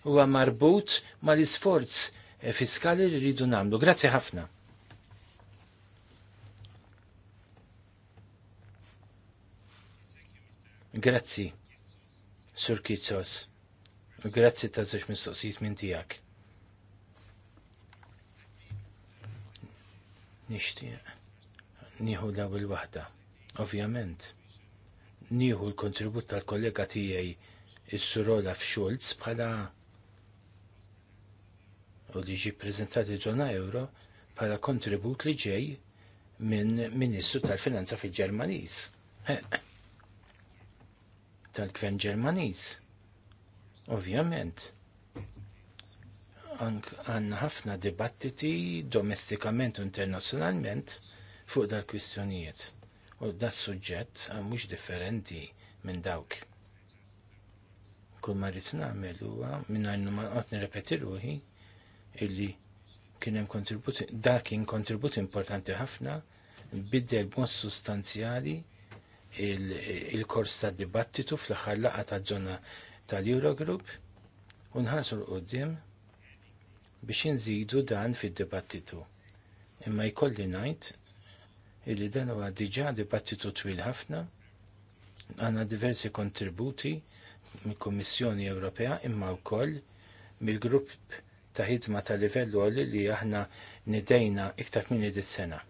huwa marbut mal-isforz eh, fiskali li rridu nagħmlu. Grazzi ħafna. Grazzi, Sur Kitsos. Grazzi ta' zex mistoqsijiet minn tijak. nixtieq nieħu l-ewwel waħda. Ovvjament, nieħu l-kontribut tal-kollega tiegħi is-sur Olaf Schulz bħala u li ġi preżentati żona euro bħala kontribut li ġej minn Ministru tal-Finanza fil-Ġermaniż. Tal-Gvern Ġermaniż. Ovvjament għanna ħafna dibattiti domestikament u internazzjonalment fuq dal-kwistjonijiet. U da suġġett mhux mux differenti minn dawk. Kull marrit namel u minn għannu ma qot ruħi illi kien hemm kontribut da kien kontribut importanti ħafna biddel b'mod sustanzjali il-kors il tad dibattitu fl-aħħar laqgħa taż-żona tal-Eurogroup u nħarsu l-qudiem biex inżidu dan fid-dibattitu. Imma jkolli ngħid illi dan huwa diġà dibattitu twil ħafna, għandna diversi kontributi mill-Kummissjoni Ewropea imma wkoll mill-grupp ta' ħidma ta' livell għolli li aħna nidejna iktar minn id-sena.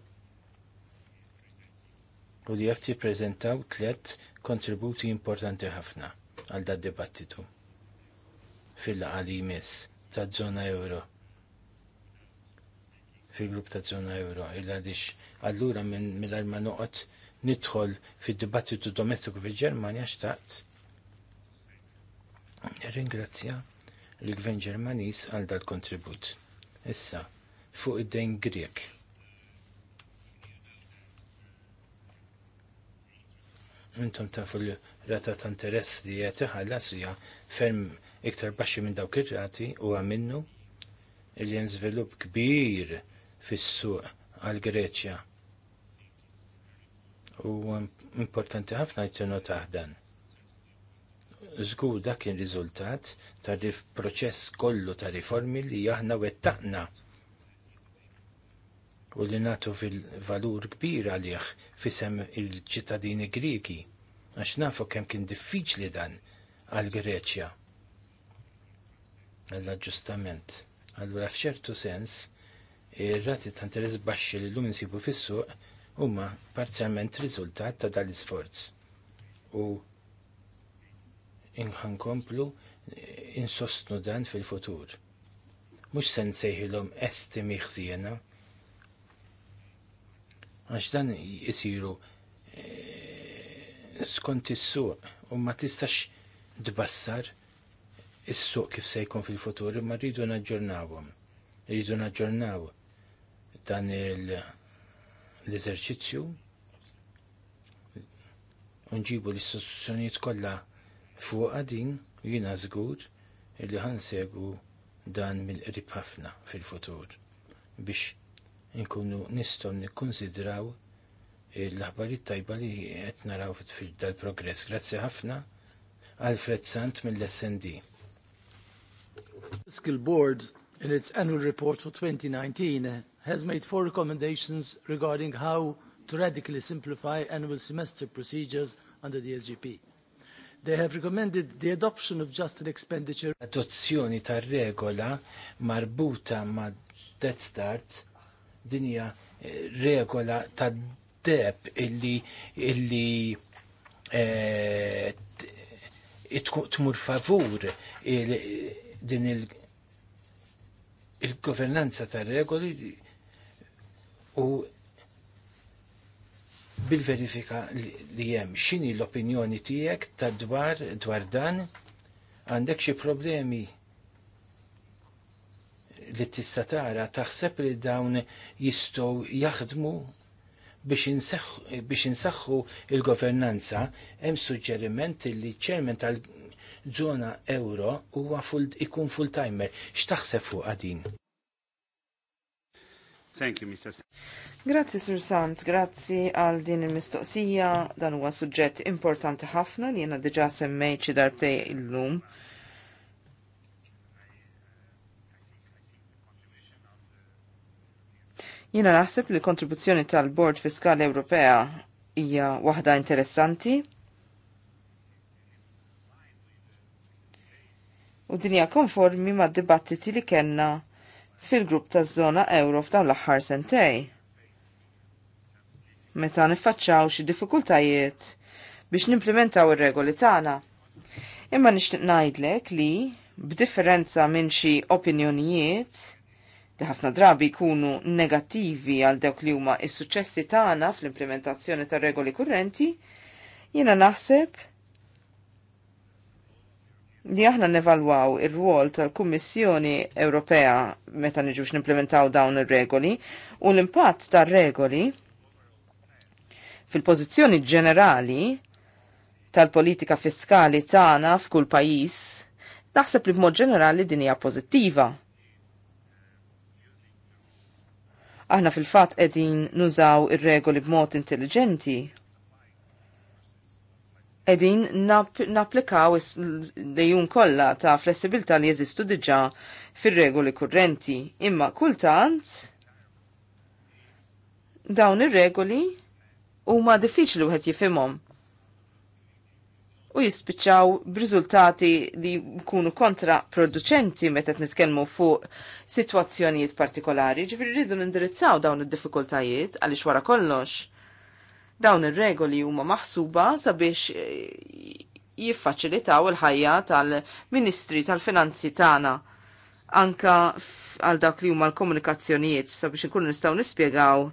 U li jgħat jippreżentaw tliet kontributi importanti ħafna għal dad dibattitu fil għalimis jmiss ta' zona euro fil-grupp ta' zona euro, illa għadix allura minn mill-arma noqot nidħol fil-dibattitu domestiku fil Ġermania xtaqt. Ringrazzja l-Gvern Ġermanis għal dal-kontribut. Issa, fuq id-dejn Grek. Intom tafu l-rata ta' interess li jgħetiħallas hija ferm iktar baxxi minn dawk ir-rati u għaminnu il-jen kbir fis-suq għal Greċja. U importanti ħafna jtinu taħdan. Żgur dak kien riżultat tar proċess kollu ta' riformi li aħna wettaqna u li natu fil-valur kbir għalih fisem il-ċittadini Griki, għax nafu kem kien diffiċli dan għal-Greċja. Għall-ġustament. Allura fċertu sens, ir-rati ta' interess baxxi li llum insibu fis-suq huma parzjalment riżultat ta' dan l-isforz. U inħankomplu insostnu dan fil-futur. Mhux se nsejħilhom estimi ħsiena. Għax dan jisiru eh, skont is-suq u ma tistax tbassar is-suq kif se jkun fil-futur imma rridu naġġornawhom. Rridu naġġornaw dan l-eżerċizzju unġibu l istituzzjoniet kollha fuq din jiena żgur li ħansegu dan mill-qrib ħafna fil-futur biex nkunu nistgħu nikkunsidraw l-aħbarijiet tajba li qed naraw fil-dal-progress. Grazzi ħafna Alfred Sant mill-SND. Skill Board in its annual report for 2019 has made four recommendations regarding how to radically simplify annual semester procedures under the SGP. They have recommended the adoption of just an expenditure. Adozzjoni tar regola marbuta ma' Dead Start dinja eh, regola ta' deb illi illi e, tmur favur din il-governanza il, il governanza ta' regoli u bil-verifika li jem xini l-opinjoni tijek ta' dwar dwar dan għandek xi problemi li tista' tara taħseb li dawn jistgħu jaħdmu biex insaħħu il-governanza hemm suġġeriment li ċermen tal-żona euro huwa ikun full timer. X'taħseb fuq din? Thank you, Mr. Grazzi, Sur Sant, grazzi għal din il-mistoqsija, dan huwa suġġett importanti ħafna li jena diġa semmejt xi darbtej illum. Jena naħseb li kontribuzzjoni tal-Bord Fiskali Ewropea hija waħda interessanti. U dinja konformi ma' dibattiti li kellna fil-grupp taż-żona euro f'dawn l-aħħar sentej. Meta niffaċċaw xi diffikultajiet biex nimplementaw ir-regoli tagħna. Imma nixtieq ngħidlek li b'differenza minn xi opinjonijiet li ħafna drabi jkunu negattivi għal dawk li huma s-suċċessi tagħna fl-implementazzjoni tar regoli kurrenti, jiena naħseb li aħna nevalwaw ir-rwol tal-Kummissjoni Ewropea meta niġux nimplementaw dawn ir-regoli u l-impatt tar-regoli fil-pożizzjoni ġenerali tal-politika fiskali tagħna f'kull pajjiż naħseb li b'mod ġenerali din hija pożittiva. Aħna fil-fatt qegħdin nużaw ir-regoli b'mod intelligenti edin naplikaw jun kollha ta' flessibilta li jeżistu diġà fir-regoli kurrenti. Imma kultant dawn ir-regoli huma diffiċli wieħed jifimom. u jispiċċaw b'riżultati li jkunu producenti meta nitkellmu fuq sitwazzjonijiet partikolari, ġifieri rridu nindirizzaw dawn id-diffikultajiet għaliex wara kollox Dawn ir-regoli huma maħsuba sabiex eh, jiffaċilitaw il-ħajja tal-Ministri tal-Finanzi tagħna anka għal dak li huma l-komunikazzjonijiet sabiex inkunu nistgħu nispjegaw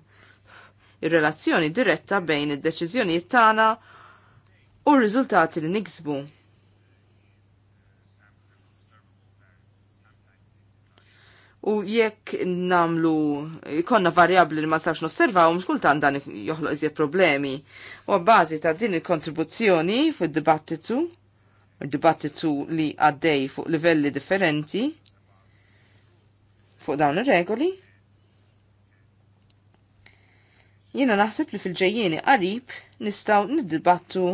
ir-relazzjoni diretta bejn id-deċiżjonijiet tagħna u r-riżultati li niksbu. U jekk namlu, ikonna variabli li ma nosserva, nosservaw, mskultan dan joħloq iżjed problemi. U bazi ta' din il-kontribuzzjoni fuq dibattitu dibattitu li għaddej fuq livelli differenti fuq dawn ir-regoli. Jiena naħseb li fil-ġejjieni qarib nistgħu niddibattu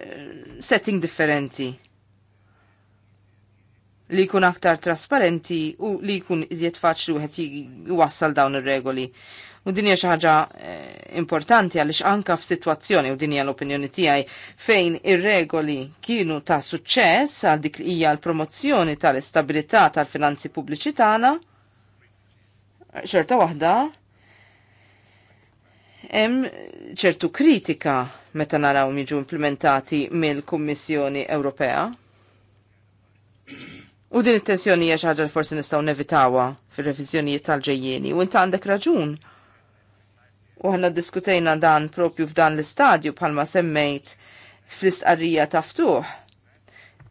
eh, setting differenti li jkun aktar trasparenti u li jkun iżjed faċli wieħed jwassal dawn ir-regoli. U dinja xi ħaġa eh, importanti għaliex anka f'sitwazzjoni u dinja l-opinjoni tiegħi fejn ir-regoli kienu ta' suċċess għal dik li hija l-promozzjoni tal-istabilità tal-finanzi pubbliċi tagħna, xorta waħda hemm ċertu kritika meta naraw jiġu implementati mill-Kummissjoni Ewropea. U din it-tensjoni hija xi ħaġa li forsi nistgħu nevitawha fir-reviżjonijiet tal-ġejjieni u inti għandek raġun. U ħanna diskutejna dan propju f'dan l-istadju bħalma semmejt fl-istqarrija ta' ftuħ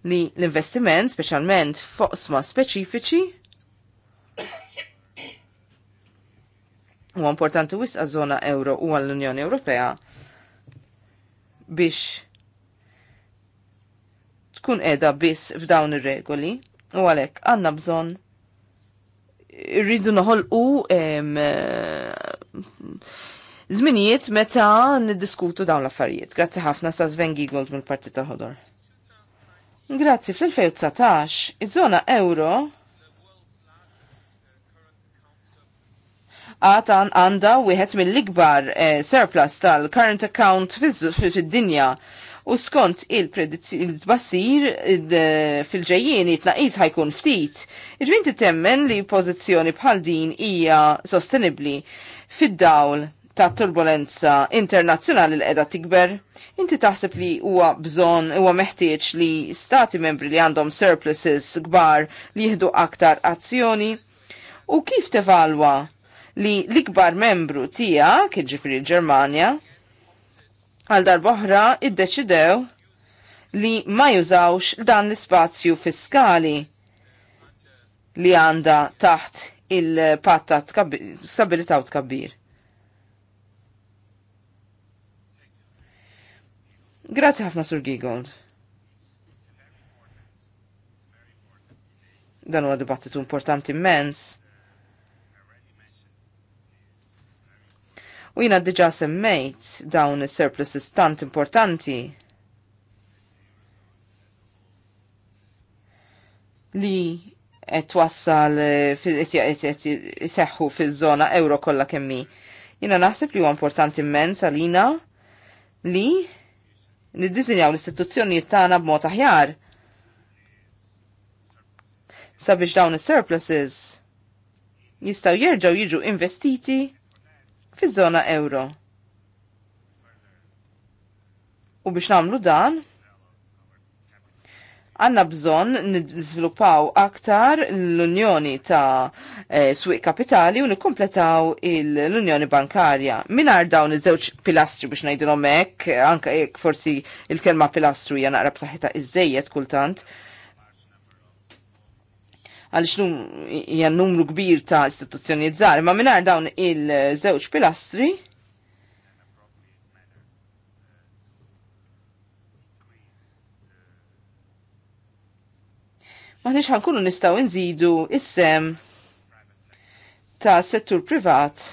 li l-investiment speċjalment foqsma speċifiċi huwa importanti wisq żona euro u għall-Unjoni Ewropea biex tkun edha biss f'dawn ir-regoli U għalek, għanna bżon rridu noħolqu zminijiet meta niddiskutu dawn l-affarijiet. Grazzi ħafna sa' Sven Giegold mill-Partit tal-Ħodor. Grazzi, fl-2019 iż-żona euro għatan għanda wieħed mill-ikbar eh, surplus tal-current account fid-dinja u skont il-tbassir fil-ġejjieni tnaqis ħajkun ftit. Iġvin titemmen li pożizzjoni bħal din hija sostenibbli fid-dawl ta' turbulenza internazzjonali l qiegħda tikber, inti taħseb li huwa bżonn huwa meħtieġ li stati membri li għandhom surpluses kbar li jieħdu aktar azzjoni? U kif tevalwa li l-ikbar membru tiegħek, ġifri l-Ġermanja, għal darboħra id-deċidew li ma jużawx dan l-spazju fiskali li għanda taħt il-patta stabilita u tkabbir. Grazie ħafna Sur Gigold. Dan huwa dibattitu importanti immens. U jina diġa semmejt dawn is-surpluses tant importanti li qed wassal seħħu fiż-żona euro kollha kemmi. Jina naħseb li huwa importanti immens għalina li niddisinjaw l-istituzzjonijiet tagħna b'mod aħjar sabiex dawn is-surpluses jistaw jerġaw jiġu investiti fiż-żona euro. U biex namlu dan, għanna bżon nizvilupaw aktar l-Unjoni ta' e, eh, Swiq Kapitali u nikkompletaw l-Unjoni Bankarja. Minar dawn iż-żewġ pilastri biex ngħidilhom hekk, anke jekk forsi il-kelma pilastru hija naqra b'saħħitha iż kultant, għaliex hija numru kbir ta' istituzzjonijiet żgħar, ma mingħajr dawn il-żewġ pilastri Maħniċ ħankunu nistaw nżidu is-sem ta' settur privat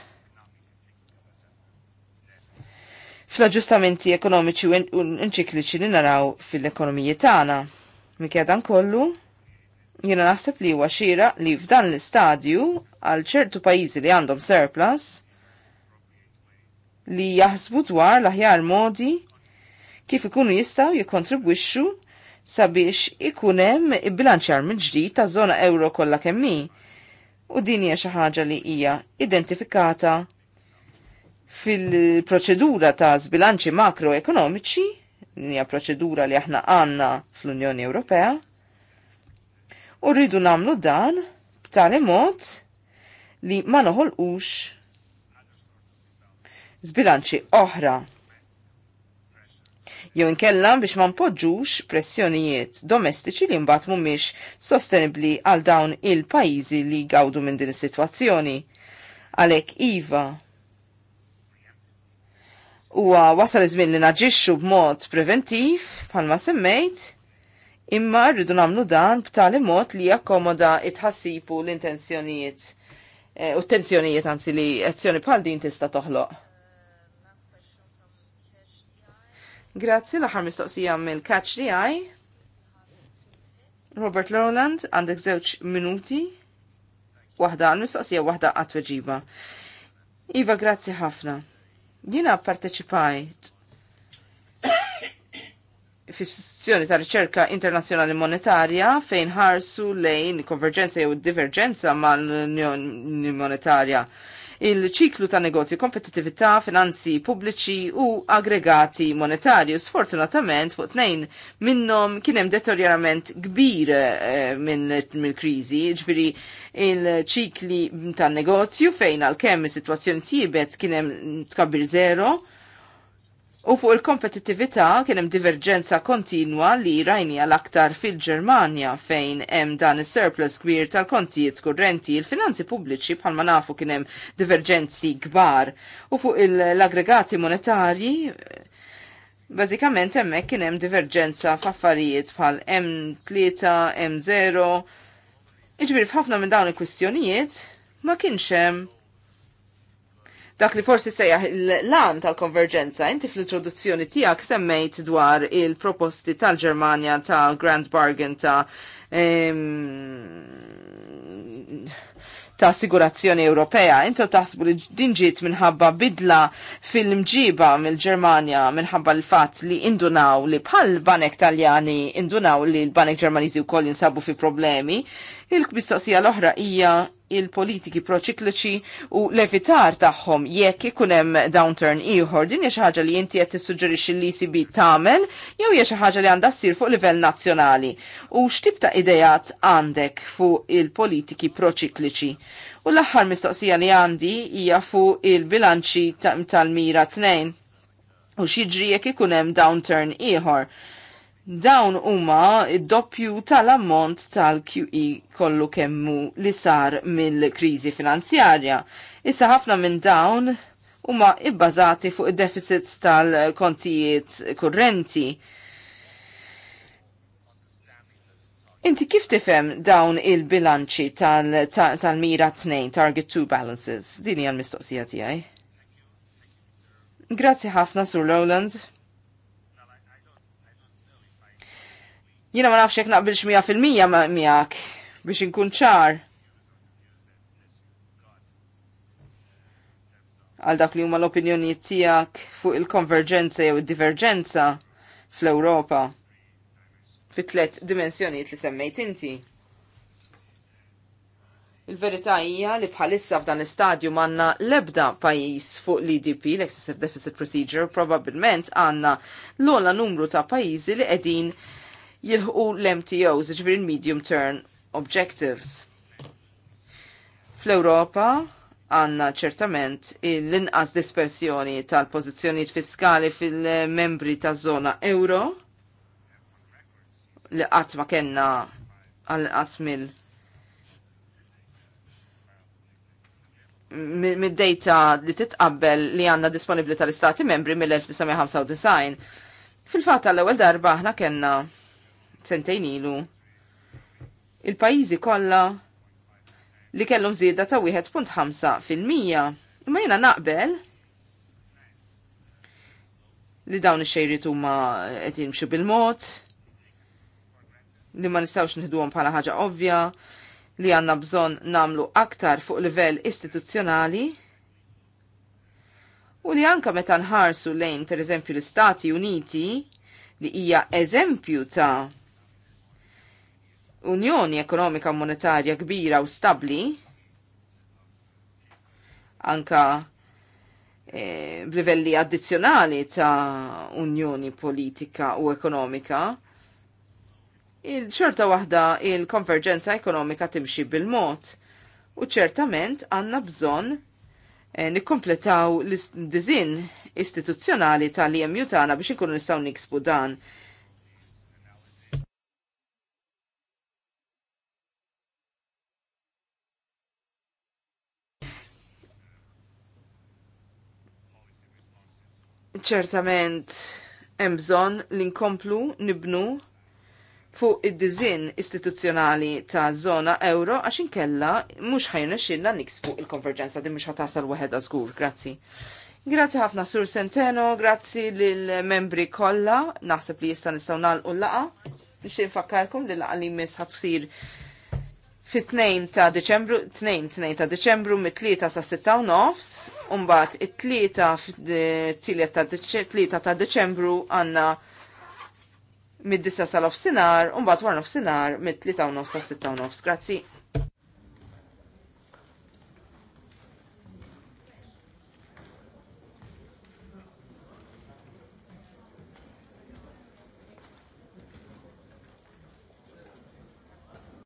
fl-aġġustamenti ekonomiċi u nċikliċi li naraw fil-ekonomiji tagħna. Mikjadan kollu, Jiena naħseb li huwa xira li f'dan l-istadju għal ċertu pajjiżi li għandhom surplus li jaħsbu dwar l-aħjar modi kif ikunu jistgħu jikkontribwixxu sabiex ikun il bilanċar mill-ġdid ta' zona euro kollha kemmi. U din hija xi ħaġa li hija identifikata fil-proċedura ta' zbilanċi makroekonomiċi, hija proċedura li aħna għandna fl-Unjoni Ewropea, U rridu namlu dan b'tali mod li ma noħolqux zbilanċi oħra. Jew inkella biex ma npoġġux pressjonijiet domestiċi li mbagħad mhumiex sostenibbli għal dawn il-pajjiżi li gawdu minn din is-sitwazzjoni. Għalhekk iva, huwa wasal iż-żmien li naġixxu b'mod preventiv bħalma semmejt imma rridu nagħmlu dan b'tali mod li jakkomoda it ħassipu l-intenzjonijiet eh, u t tenzjonijiet anzi li azzjoni bħal din tista' toħloq. Grazzi l-aħħar mistoqsija mill catch DI. għaj. Robert Lowland, għandek żewġ minuti. Waħda għal-mistoqsija, waħda għatweġiba. Iva, grazzi ħafna. Jina parteċipajt f'istituzzjoni ta' riċerka internazzjonali monetarja fejn ħarsu lejn konverġenza jew divergenza mal-Unjoni Monetarja il-ċiklu ta' negozju kompetitività, finanzi pubbliċi u aggregati monetarju. Sfortunatament, fuq tnejn minnom kienem deterjorament kbir eh, minn min krizi, ġviri il-ċikli ta' negozju fejn għal-kem situazzjoni tibet kienem tkabbir zero, U fuq il-kompetittività kien hemm diverġenza kontinwa li rajni għal aktar fil-Ġermanja fejn hemm dan is-surplus kbir tal-kontijiet kurrenti il-finanzi pubbliċi bħalma nafu kien hemm diverġenzi kbar. U fuq l-aggregati monetarji Bażikament hemmhekk kien hemm diverġenza f'affarijiet bħal M3, M0. Iġbir f'ħafna minn dawn il-kwistjonijiet ma kienx hemm dak li forsi sejjaħ l-lan tal-konverġenza, inti fl-introduzzjoni tijak semmejt dwar il-proposti tal-Germania ta' Grand Bargain ta' ta' assigurazzjoni Ewropea. Intu taħsbu li dinġiet minħabba bidla fil-mġiba mill-Ġermanja minħabba l-fat li indunaw li bħal banek taljani indunaw li l-banek ġermaniżi u koll jinsabu fi problemi. il kbistoqsija l-oħra hija il-politiki proċikliċi u levitar tagħhom jekk ikun hemm downturn ieħor. Din hija xi ħaġa li inti qed tissuġġerixxi li ECB tagħmel jew hija xi ħaġa li għandha ssir fuq livell nazzjonali. U x'tib ta' idejat għandek fuq il-politiki proċikliċi? U l-aħħar mistoqsija li għandi hija fuq il-bilanċi tal-mira t tnejn. U xieġri jekk ikun hemm downturn ieħor Dawn huma id-doppju tal-ammont tal-QE kollu kemmu li sar mill-kriżi finanzjarja. Issa ħafna minn dawn huma ibbażati fuq id-deficits tal-kontijiet kurrenti. Inti kif tifhem dawn il-bilanċi tal-mira tal tnejn, target two balances? Din hija l-mistoqsija tiegħi. Grazzi ħafna, Sur Rowland. Jina ma nafx naqbilx 100% ma' miak biex inkun ċar. Għal dak li huma l-opinjoni tiegħek fuq il-konverġenza jew id-diverġenza fl-Ewropa fit tlet dimensjonijiet li semmejt inti. Il-verità hija li bħalissa f'dan l-istadju manna lebda pajis fuq l-EDP, l-Excessive Deficit Procedure, probabbilment għanna l-ola numru ta' pajizi li qegħdin jilħu l-MTOs, ġviri medium term objectives. Fl-Europa għanna ċertament l-inqas dispersjoni tal-pozizjoniet fiskali fil-membri ta' zona euro li qatt ma kenna għal-inqas mill mid-data li titqabbel li għanna disponibli tal-istati membri mill-1995. Fil-fatt għall-ewwel darba aħna kenna sentejn ilu. Il-pajjiżi kollha li kellhom żieda ta' 1.5 fil-mija. Imma jiena naqbel li dawn ix-xejriet huma qed jimxu bil-mod, li ma nistgħux nieħduhom bħala ħaġa ovvja, li għandna bżonn nagħmlu aktar fuq livell istituzzjonali. U li anka meta nħarsu lejn pereżempju l-Istati Uniti li hija eżempju ta' unjoni ekonomika monetarja kbira u stabli, anka e, b'livelli addizzjonali ta' unjoni politika u ekonomika, il-ċerta waħda il-konverġenza ekonomika timxi bil-mod u ċertament għanna bżon e, nikkompletaw l-dizin istituzzjonali tal-EMU tagħna biex inkunu nistgħu niksbu dan ċertament hemm bżonn li nkomplu nibnu fuq id-dizin istituzzjonali ta' zona euro għax inkella mhux ħajna niks fuq il-konverġenza din mhux ħatasal waħedha żgur. Grazzi. Grazzi ħafna Sur Centeno, grazzi lill-membri kollha, naħseb li jista' nistgħu nagħlqu laqa. Nixtieq nfakkarkom li laqa li miss ħatsir fi 2 ta' Deċembru, 2 ta' Deċembru mit-3 sa' 6 nofs, umbat it-3 ta' Deċembru għanna mid disa sal l-ofsinar, umbat warna ofsinar mit-3 ta' nofs sa' 6 nofs. Grazzi.